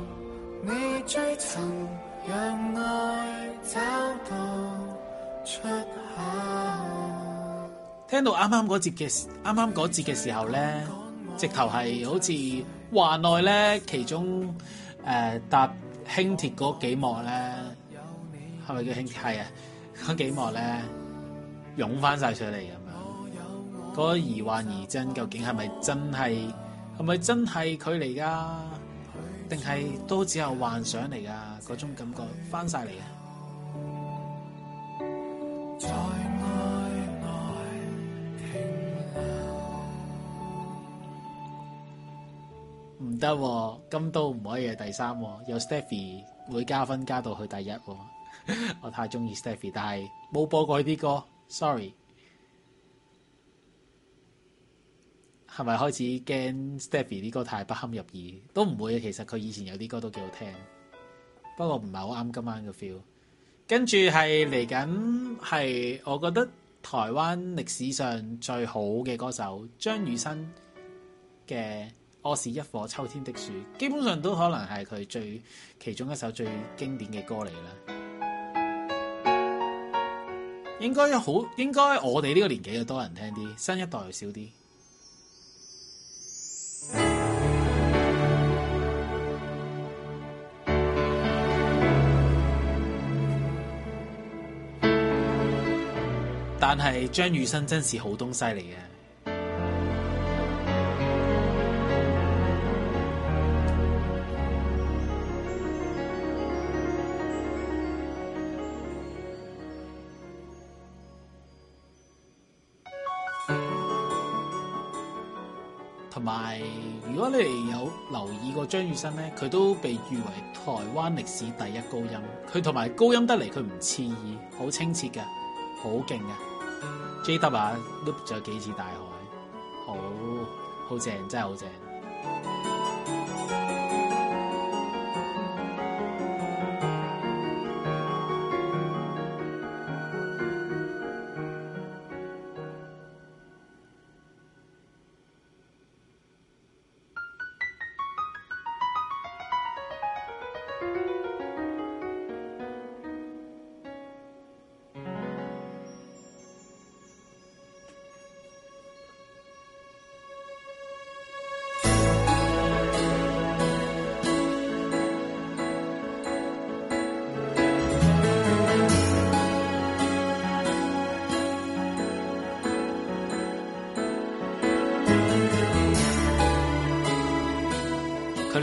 你追尋讓愛找到出口。聽到啱啱嗰節嘅時，啱啱嗰節嘅時候咧，直頭係好似話內咧，其中誒、呃、搭輕鐵嗰幾幕咧，係咪叫輕鐵？係啊，嗰幾幕咧湧翻晒出嚟咁樣，嗰疑幻疑真，究竟係咪真係？係咪真係佢嚟噶？定係都只有幻想嚟噶，嗰種感覺翻晒嚟啊！唔得喎，金都唔可以係第三喎，有 Stephy 會加分加到去第一喎。 [laughs] 我太中意 Stephy，但係冇播過佢啲歌，sorry。係咪開始驚 Stephy 啲歌太不堪入耳？都唔會嘅，其實佢以前有啲歌都幾好聽，不過唔係好啱今晚嘅 feel。跟住係嚟緊係，我覺得台灣歷史上最好嘅歌手張雨生嘅《我是一棵秋天的樹》，基本上都可能係佢最其中一首最經典嘅歌嚟啦。應該好，應該我哋呢個年紀就多人聽啲，新一代有少啲。但係張雨生真是好東西嚟嘅。咧有留意過張雨生咧，佢都被譽為台灣歷史第一高音。佢同埋高音得嚟，佢唔刺耳，好清澈嘅，好勁嘅。嗯、J W 啊，loop 咗幾次大海，好好正，真係好正。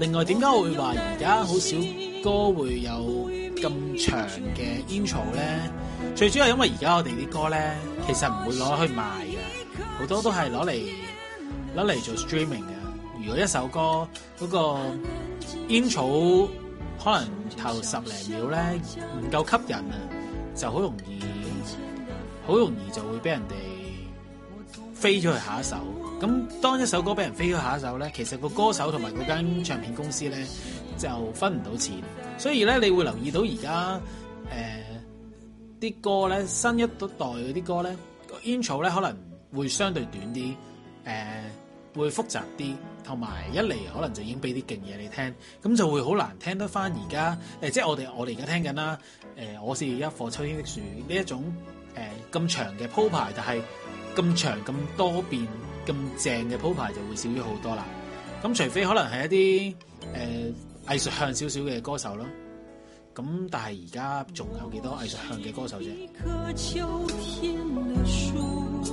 另外，點解我會話而家好少歌會有咁長嘅 intro 咧？最主要係因為而家我哋啲歌咧，其實唔會攞去賣嘅，嘅，好多都係攞嚟攞嚟做 streaming 嘅。如果一首歌，嗰個 intro 可能頭十零秒咧唔夠吸引啊，就好容易好容易就會俾人哋飛出去下一首。咁當一首歌俾人飛咗下一首咧，其實個歌手同埋嗰間唱片公司咧就分唔到錢，所以咧你會留意到而家誒啲歌咧，新一代嗰啲歌咧 intro 咧可能會相對短啲，誒、呃、會複雜啲，同埋一嚟可能就已經俾啲勁嘢你聽，咁就會好難聽得翻而家誒，即係我哋我哋而家聽緊啦誒，我是一棵秋天的樹呢一種咁、呃、長嘅鋪排，但係咁長咁多變。咁正嘅鋪排就會少咗好多啦，咁除非可能係一啲誒藝術向少少嘅歌手咯，咁但係而家仲有幾多藝術向嘅歌手啫？我是一棵秋天的樹，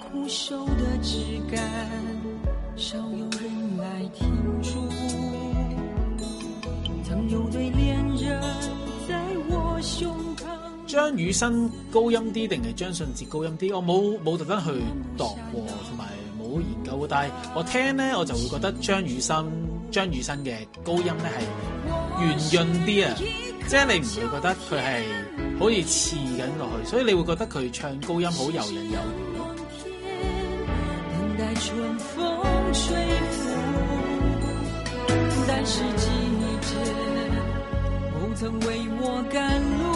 枯瘦的枝幹，少有人來停駐，曾有對戀人在我胸張雨生高音啲定係張信哲高音啲？我冇冇特登去度過，同埋冇研究。但係我聽咧，我就會覺得張雨生張雨生嘅高音咧係圓潤啲啊！即係你唔會覺得佢係好似刺緊落去，所以你會覺得佢唱高音好柔韌柔軟。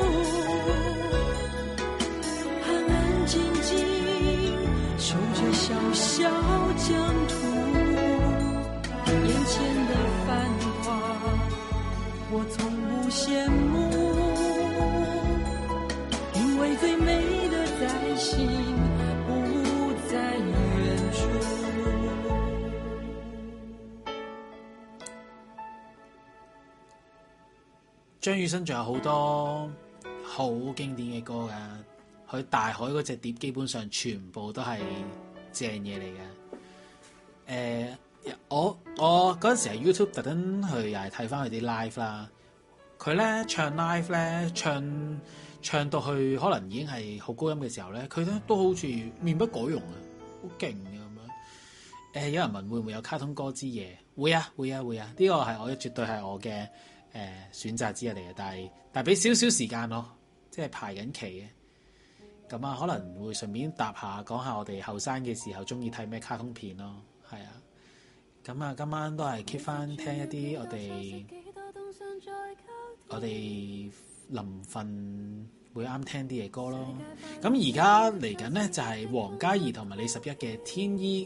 張雨生仲有好多好經典嘅歌噶，佢大海嗰隻碟基本上全部都係正嘢嚟噶。誒、呃，我我嗰陣時喺 YouTube 特登去又係睇翻佢啲 live 啦。佢咧唱 live 咧唱唱到去可能已經係好高音嘅時候咧，佢咧都好似面不改容啊，好勁嘅咁樣。誒、呃，有人問會唔會有卡通歌之夜？會啊，會啊，會啊！呢、這個係我絕對係我嘅。誒、嗯、選擇之嚟嘅，但係但係俾少少時間咯，即係排緊期嘅，咁啊可能會順便答下講下我哋後生嘅時候中意睇咩卡通片咯，係啊，咁啊今晚都係 keep 翻聽一啲我哋我哋臨瞓會啱聽啲嘅歌咯，咁而、就是、家嚟緊咧就係王嘉儀同埋李十一嘅《天衣》。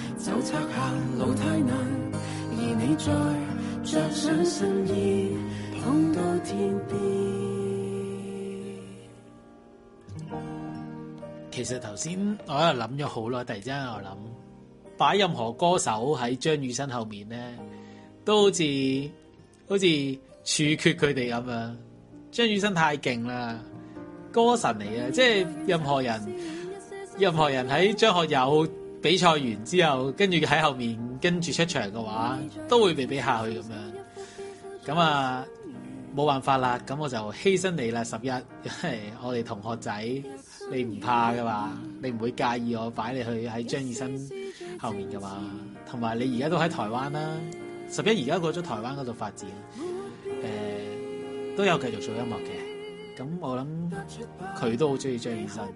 就拆下老太難，而你再着上新衣，痛到天邊。其實頭先我喺度諗咗好耐，突然之間我諗，擺任何歌手喺張雨生後面咧，都好似好似處決佢哋咁樣。張雨生太勁啦，歌神嚟啊！即係任何人，任何人喺張學友。比賽完之後，跟住喺後面跟住出場嘅話，都會被比下去咁樣。咁啊，冇辦法啦。咁我就犧牲你啦，十一。因為我哋同學仔，你唔怕㗎嘛？你唔會介意我擺你去喺張以生後面㗎嘛？同埋你而家都喺台灣啦。十一而家過咗台灣嗰度發展，呃，都有繼續做音樂嘅。咁我諗佢都好鍾意張以生。 [music]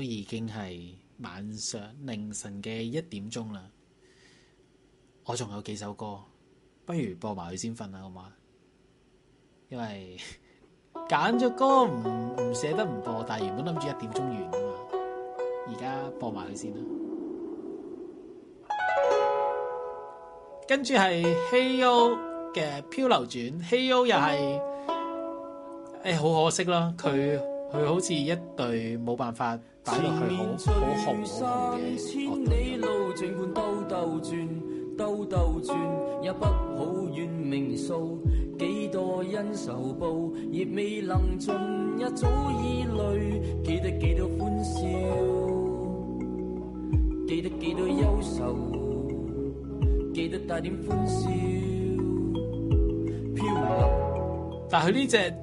都已經係晚上凌晨嘅一點鐘啦，我仲有幾首歌，不如播埋佢先瞓啦，好嘛？因為揀咗歌唔唔捨得唔播，但係原本諗住一點鐘完噶嘛，而家播埋佢先啦。跟住係 Hey O 嘅《漂流轉》，Hey O 又係誒，好可惜啦，佢。佢好似一對冇辦法擺落去，好好呢好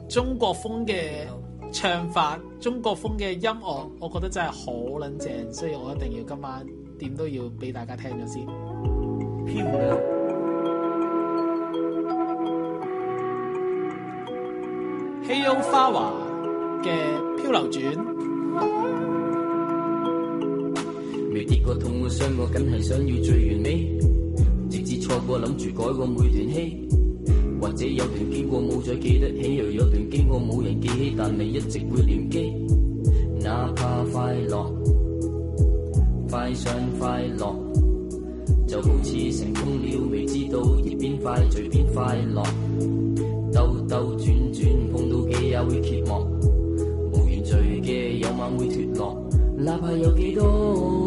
中國風嘅。唱法中國風嘅音樂，我覺得真係好卵正，所以我一定要今晚點都要俾大家聽咗先。漂亮，h e o 花華嘅《漂流轉》，未跌過痛傷，冇傷過，梗係想要最完美，直至錯過諗住改過每段戲。或者有段經過冇再記得起，又有段經過冇人記起，但你一直會念記，哪怕快樂，快想快樂，就好似成功了未知道，而邊快隨邊快樂，兜兜轉轉碰到幾日會絕望，無言聚嘅有晚會脫落，哪怕有幾多。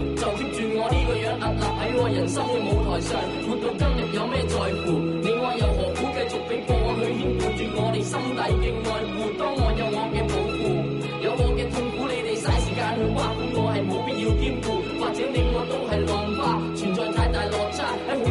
屹立喺我人生嘅舞台上，活到今日有咩在乎？你我又何苦繼續俾過去牽顧住我哋心底嘅愛護？當我有我嘅保護，有我嘅痛苦，你哋嘥時間去挖苦我係冇必要兼顧，或者你我都係浪花，存在太大落差。哎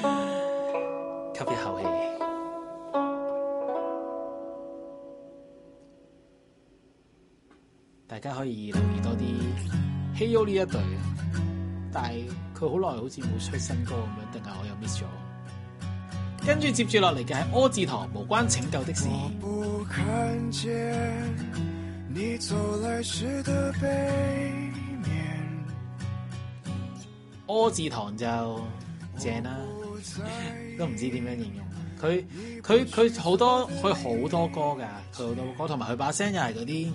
吸一口氣，大家可以留意多啲 Heo 呢一隊，但係佢好耐好似冇出新歌咁樣，定係我有 miss 咗？跟住接住落嚟嘅係柯智棠無關拯救的事。柯智棠就正啦。 [laughs] 都唔知點樣形容佢，佢佢好多佢好多歌噶，佢好多歌，同埋佢把聲又係嗰啲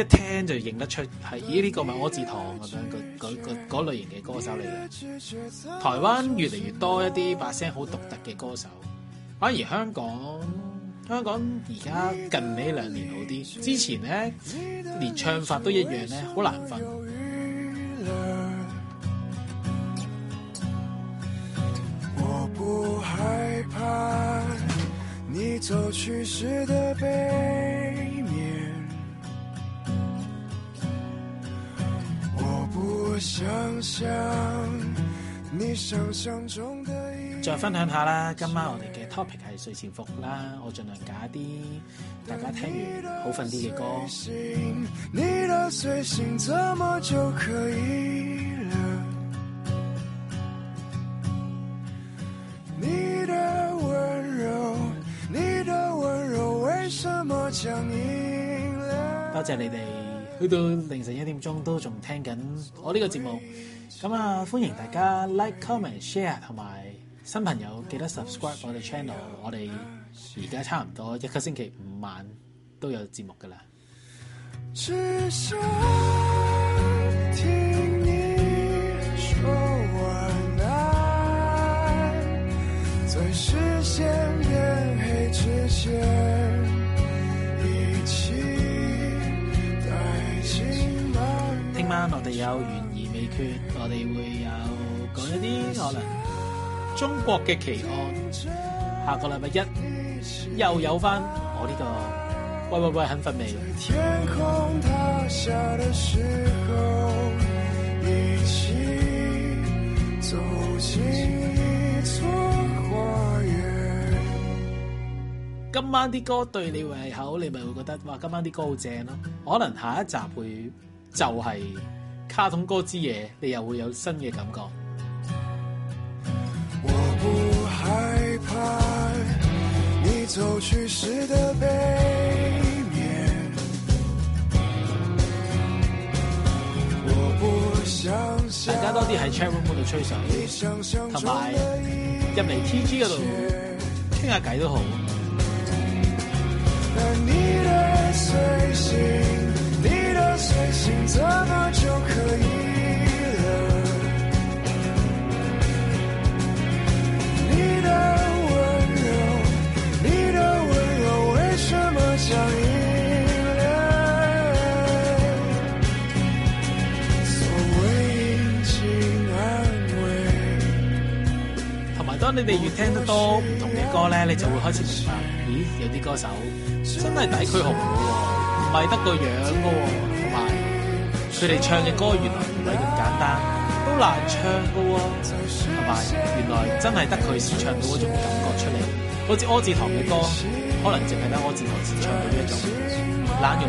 一聽就認得出，係咦呢個咪柯智棠咁樣，佢嗰類型嘅歌手嚟嘅。台灣越嚟越多一啲把聲好獨特嘅歌手，反而香港香港而家近呢兩年好啲，之前咧連唱法都一樣咧，好難分。再分享一下啦，今晚我哋嘅 topic 係睡前服啦，我盡量揀一啲大家聽完好瞓啲嘅歌。多謝，謝你哋，去到凌晨一點鐘都仲聽緊我呢個節目，咁啊歡迎大家 like 言、comment 享、share，同埋新朋友記得 subscribe 我哋 channel，我哋而家差唔多一個星期五晚都有節目㗎喇。我哋有懸而未決，我哋會有講一啲可能中國嘅奇案。下個禮拜一又有翻我呢、這個。喂喂喂，肯瞓未？天空塌下的時候一一起走進一座花園，今晚啲歌對你胃口，你咪會覺得哇！今晚啲歌好正咯。可能下一集會就係、是。卡通歌之夜，你又會有新嘅感覺。我不害怕你走去時的背面。我不想像大家多啲喺 chat room 嗰度吹水，同埋入嚟 TG 嗰度傾下偈都好。同埋，當你哋越聽得多唔同嘅歌咧，你就會開始明白，咦，有啲歌手真係抵佢紅嘅，唔係得個樣嘅。佢哋唱嘅歌原來唔係咁簡單，都難唱嘅喎。同埋原來真係得佢唱到嗰種感覺出嚟，好似柯智棠嘅歌，可能淨係得柯智棠先唱到呢一種懶慵慵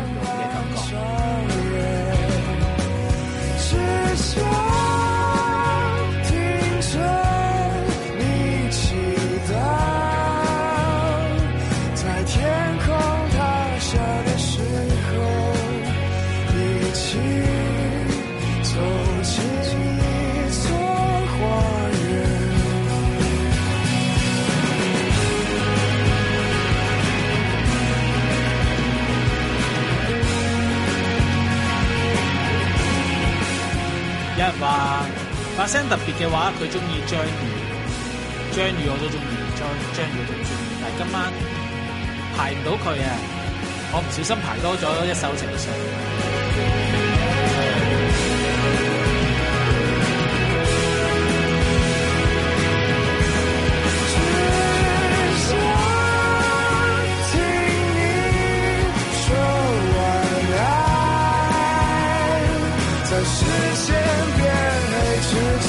嘅感覺。話把聲特別嘅話，佢中意張宇，張宇我都中意，張張宇都中意，但係今晚排唔到佢啊！我唔小心排多咗一首情緒。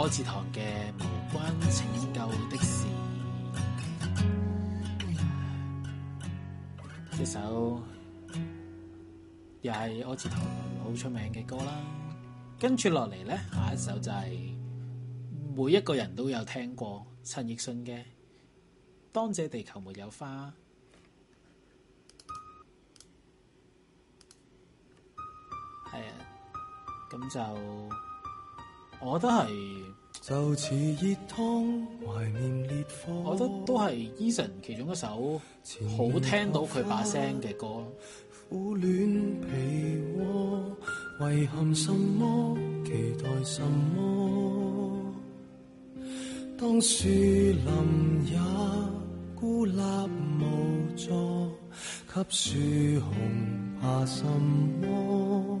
柯智棠嘅《無關拯救的事》，呢首又係柯智棠好出名嘅歌啦。跟住落嚟咧，下一首就係每一個人都有聽過陳奕迅嘅《當這地球沒有花》。係啊，咁就。我覺得係就似熱湯懷念烈火，我覺得都係 Eason 其中一首好聽到佢把聲嘅歌。苦戀被窩，遺憾什麼？期待什麼？當樹林也孤立無助，給樹熊怕什麼？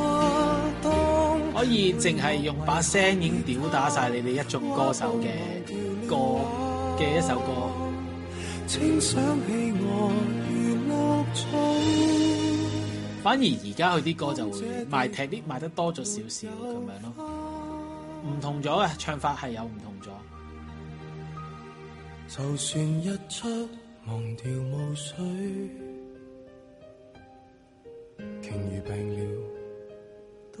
所以淨係用把聲音吊打晒你哋一眾歌手嘅歌嘅一首歌。嗯，反而而家佢啲歌就會賣踢啲賣得多咗少少咁樣咯，唔同咗呀，唱法係有唔同咗。就算一出。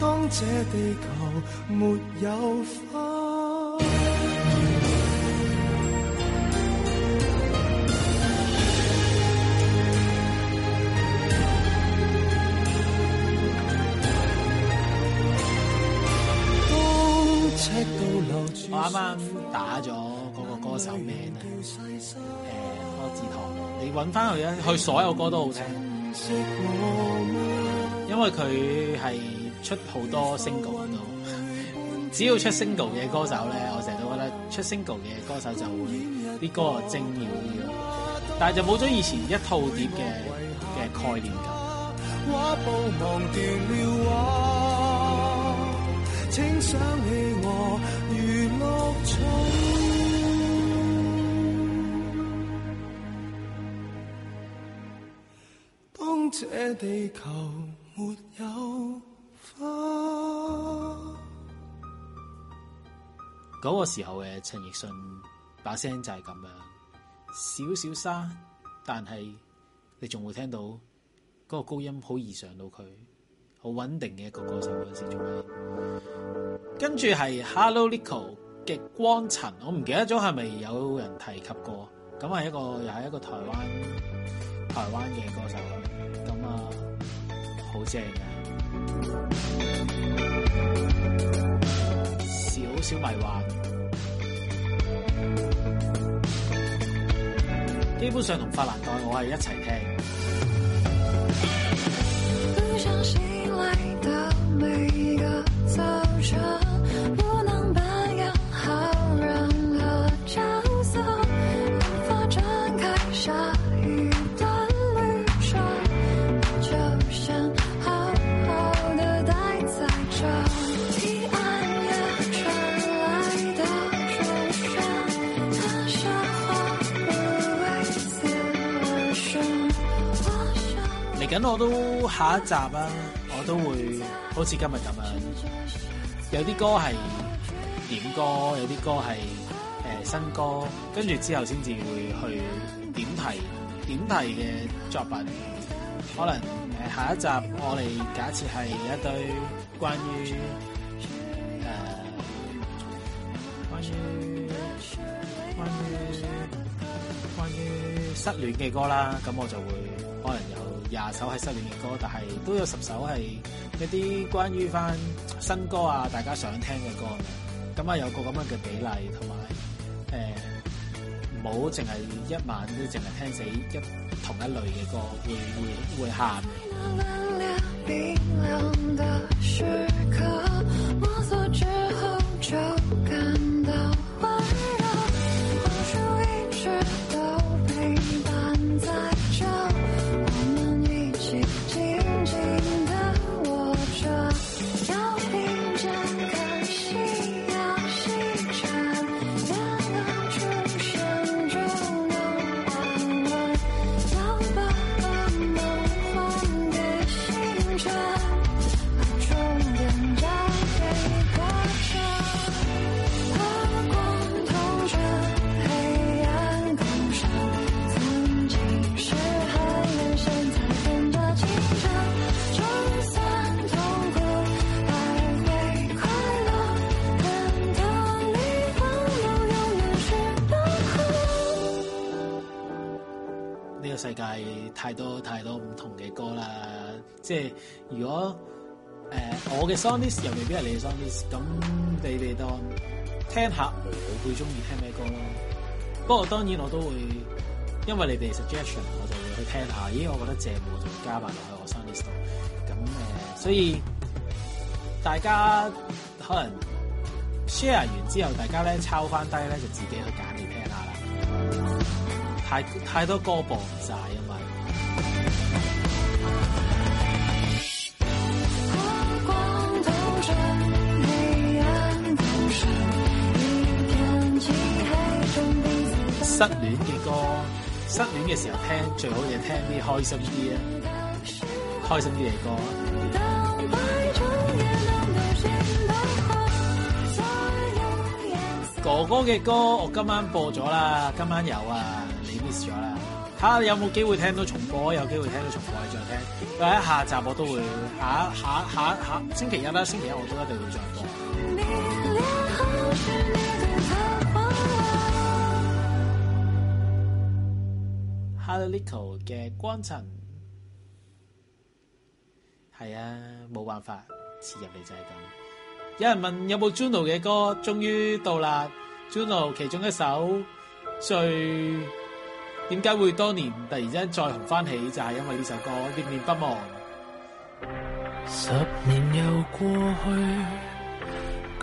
當這地球沒有花，我啱啱打咗嗰個歌手名啦。啊，誒，柯智棠，你搵翻佢去，佢所有歌都好聽，因為佢係。出好多 single 都，只要出 single 嘅歌手咧，我成日都覺得出 single 嘅歌手就會啲歌啊精妙啲，但係就冇咗以前一套碟嘅嘅概念咁。 [music] [music] 嗰、啊、個時候嘅陳奕迅把聲就係咁樣，少少沙，但係你仲會聽到嗰個高音好易上到佢，好穩定嘅一個歌手嗰陣時做咩，跟住係 Hello Nico 嘅極光塵，我唔記得咗係咪有人提及過，咁係一個又係一個台灣台灣嘅歌手，咁啊好正嘅。小迷幻，基本上同法蘭黛，我係一齊聽。我都下一集啊，我都會好似今日咁樣，有啲歌係點歌，有啲歌係誒、呃、新歌，跟住之後先至會去點題，點題嘅作品，可能誒、呃、下一集我哋假設係一對關於誒關於關於關於。關於關於失戀嘅歌啦，咁我就會可能有廿首係失戀嘅歌，但係都有十首係一啲關於翻新歌啊，大家想聽嘅歌，咁啊有個咁樣嘅比例同埋，誒，唔好淨係一晚都淨係聽死一同一類嘅歌，會會會喊。 [music] 太多太多唔同嘅歌啦，即係如果誒、呃、我嘅 soundlist 又未必係你嘅 soundlist，咁你哋當聽一下聽下我會中意聽咩歌咯。不過當然我都會，因為你哋 suggestion，我就會去聽下。咦，我覺得謝幕仲加埋落去我 soundlist 度，咁誒、呃、所以大家可能 share 完之後大家咧抄翻低咧就自己去揀嚟聽下啦。太太多歌播唔晒啊！失戀嘅歌，失戀嘅時候聽最好就聽啲開心啲啊，開心啲嘅歌，歌。哥哥嘅歌我今晚播咗啦，今晚有啊，你 miss 咗啦。嚇！睇下有冇機會聽到重播？有機會聽到重播，你再聽。但係下集我都會下下下下星期一啦，星期一我都一定會再播。Hello，Nico 嘅《 [music] 光塵係啊，冇辦法，次入嚟就係咁。有人問有冇 Juno 嘅歌？終於到啦，Juno 其中一首最。點解會多年突然間再紅翻起？就係因為呢首歌念念不忘。十年又過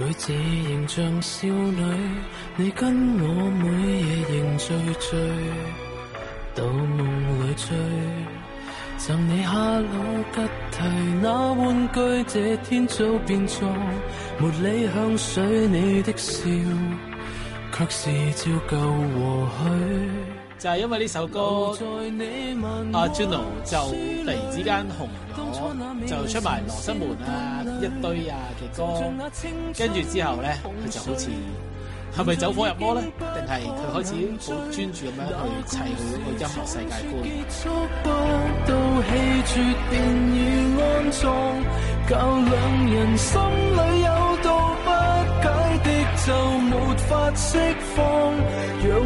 去，舉止仍像少女，你跟我每夜仍聚聚，到夢裡追。贈你 Hello Kitty 那玩具，這天早變作茉莉香水，你的笑卻是照舊和煦。就係因為呢首歌，阿 Juno、啊、就突然之間紅咗，就出埋《羅生門》啊一堆啊嘅歌，跟住之後咧，佢就好似係咪走火入魔咧？定係佢開始好專注咁樣去砌佢個音樂世界觀？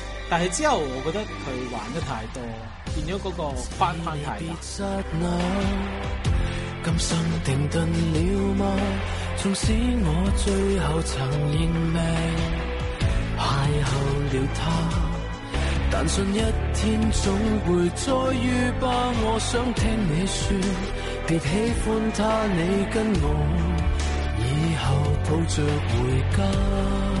但係之後我覺得佢玩得太多，變咗嗰個翻番太大。今生停頓了嗎？縱使我最後曾認命，邂逅了他。但信一天總會再遇吧。我想聽你說，別喜歡他。你跟我以後抱着回家。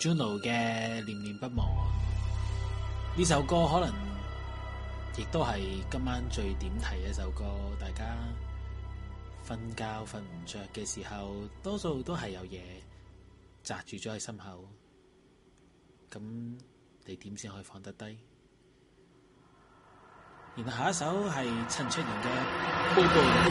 Juno 嘅念念不忘呢首歌可能亦都係今晚最點題嘅一首歌。大家瞓覺瞓唔着嘅時候，多數都係有嘢扎住咗喺心口，咁你點先可以放得低？然後下一首係陳卓賢嘅高高。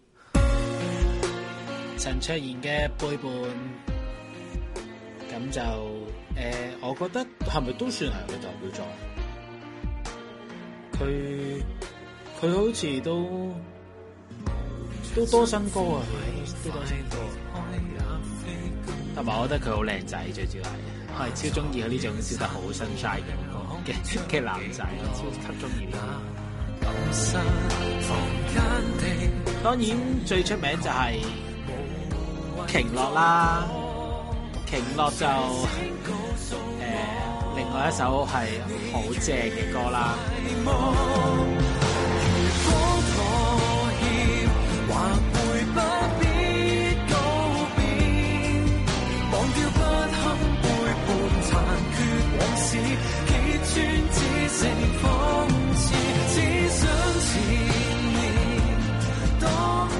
陳卓賢嘅背叛，咁就誒、呃，我覺得係咪都算係佢代表作？佢佢好似都都多新歌啊，都多新歌。同埋我覺得佢好靚仔，最主要係我係超中意佢呢種笑得好 sunshine 嘅嘅男仔，超級中意。當然、嗯、最出名就係、是。鯨落啦，鯨落就誒、呃，另外一首係好正嘅歌啦。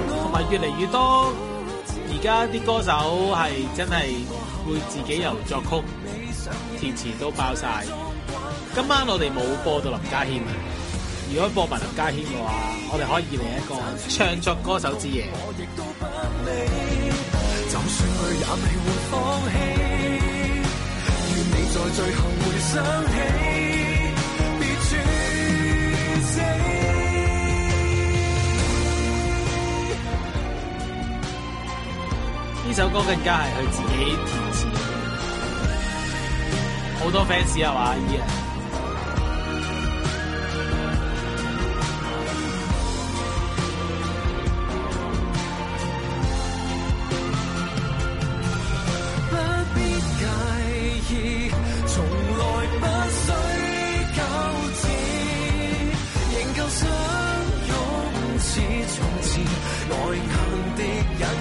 同埋越嚟越多。而家啲歌手係真係會自己由作曲、填詞都爆晒。今晚我哋冇播到林家謙啊！如果播埋林家謙嘅話，我哋可以嚟一個唱作歌手之夜。我亦都不理，就算你也呢首歌更加係佢自己填詞，好多 fans 係啊！啊 yeah、不必介意，從來不需糾纏，仍舊相擁似從前，內向的人。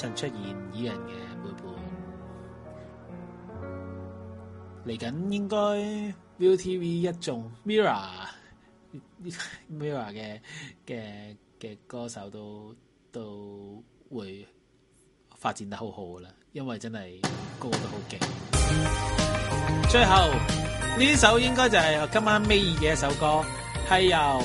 出現蟻人嘅背叛，嚟緊應該 ViuTV 一眾 Mirror Mirror 嘅嘅嘅歌手都都會發展得好好啦，因為真係歌得好勁。最後呢首應該就係今晚尾二嘅一首歌，係由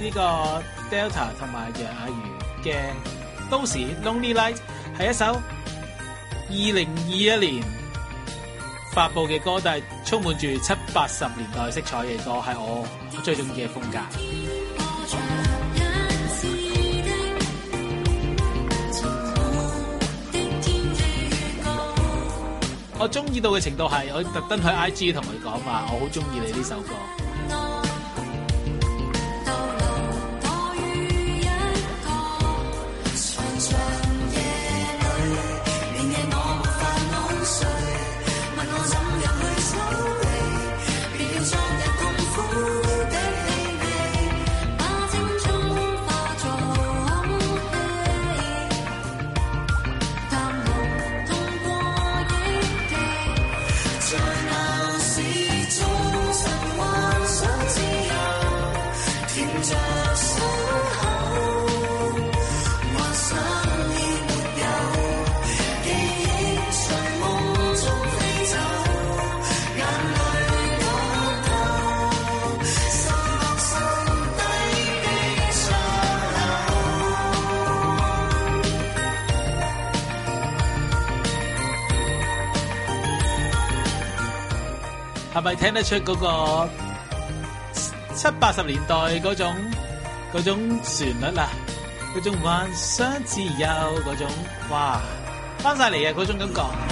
呢個 Delta 同埋楊雅如嘅。當時《Lonely Night》係一首二零二一年發布嘅歌，但係充滿住七八十年代色彩嘅歌，係我最中意嘅風格。嗯、我中意到嘅程度係，我特登去 IG 同佢講話，我好中意你呢首歌。咪聽得出 𠮶 個七八十年代 𠮶 種 𠮶 種旋律啊，𠮶 種幻想自由 𠮶 種哇翻晒嚟啊，𠮶 種感覺。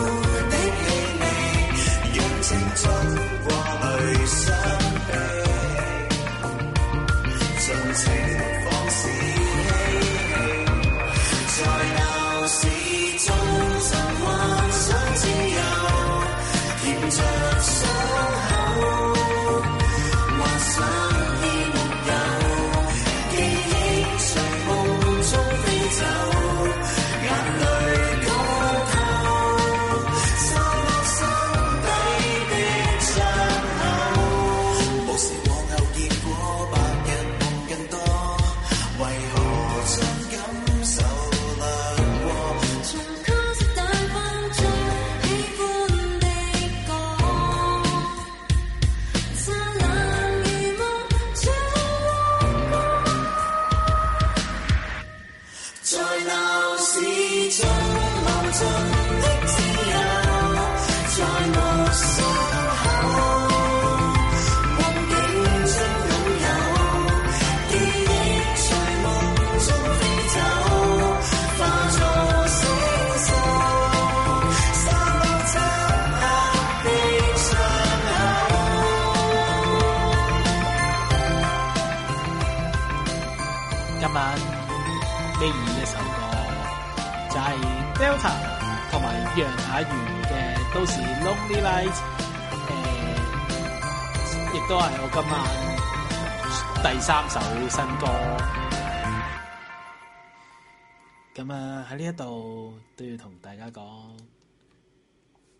喺呢一度都要同大家講，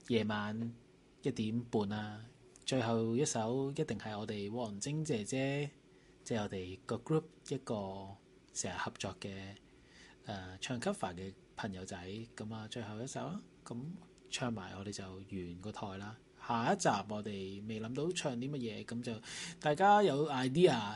夜晚一點半啦，啊，最後一首一定係我哋王晶姐姐，即、就、係、是、我哋個 group 一個成日合作嘅誒、呃、唱 cover 嘅朋友仔，咁啊最後一首啊，咁、啊、唱埋我哋就完個台啦。下一集我哋未諗到唱啲乜嘢，咁就大家有 idea。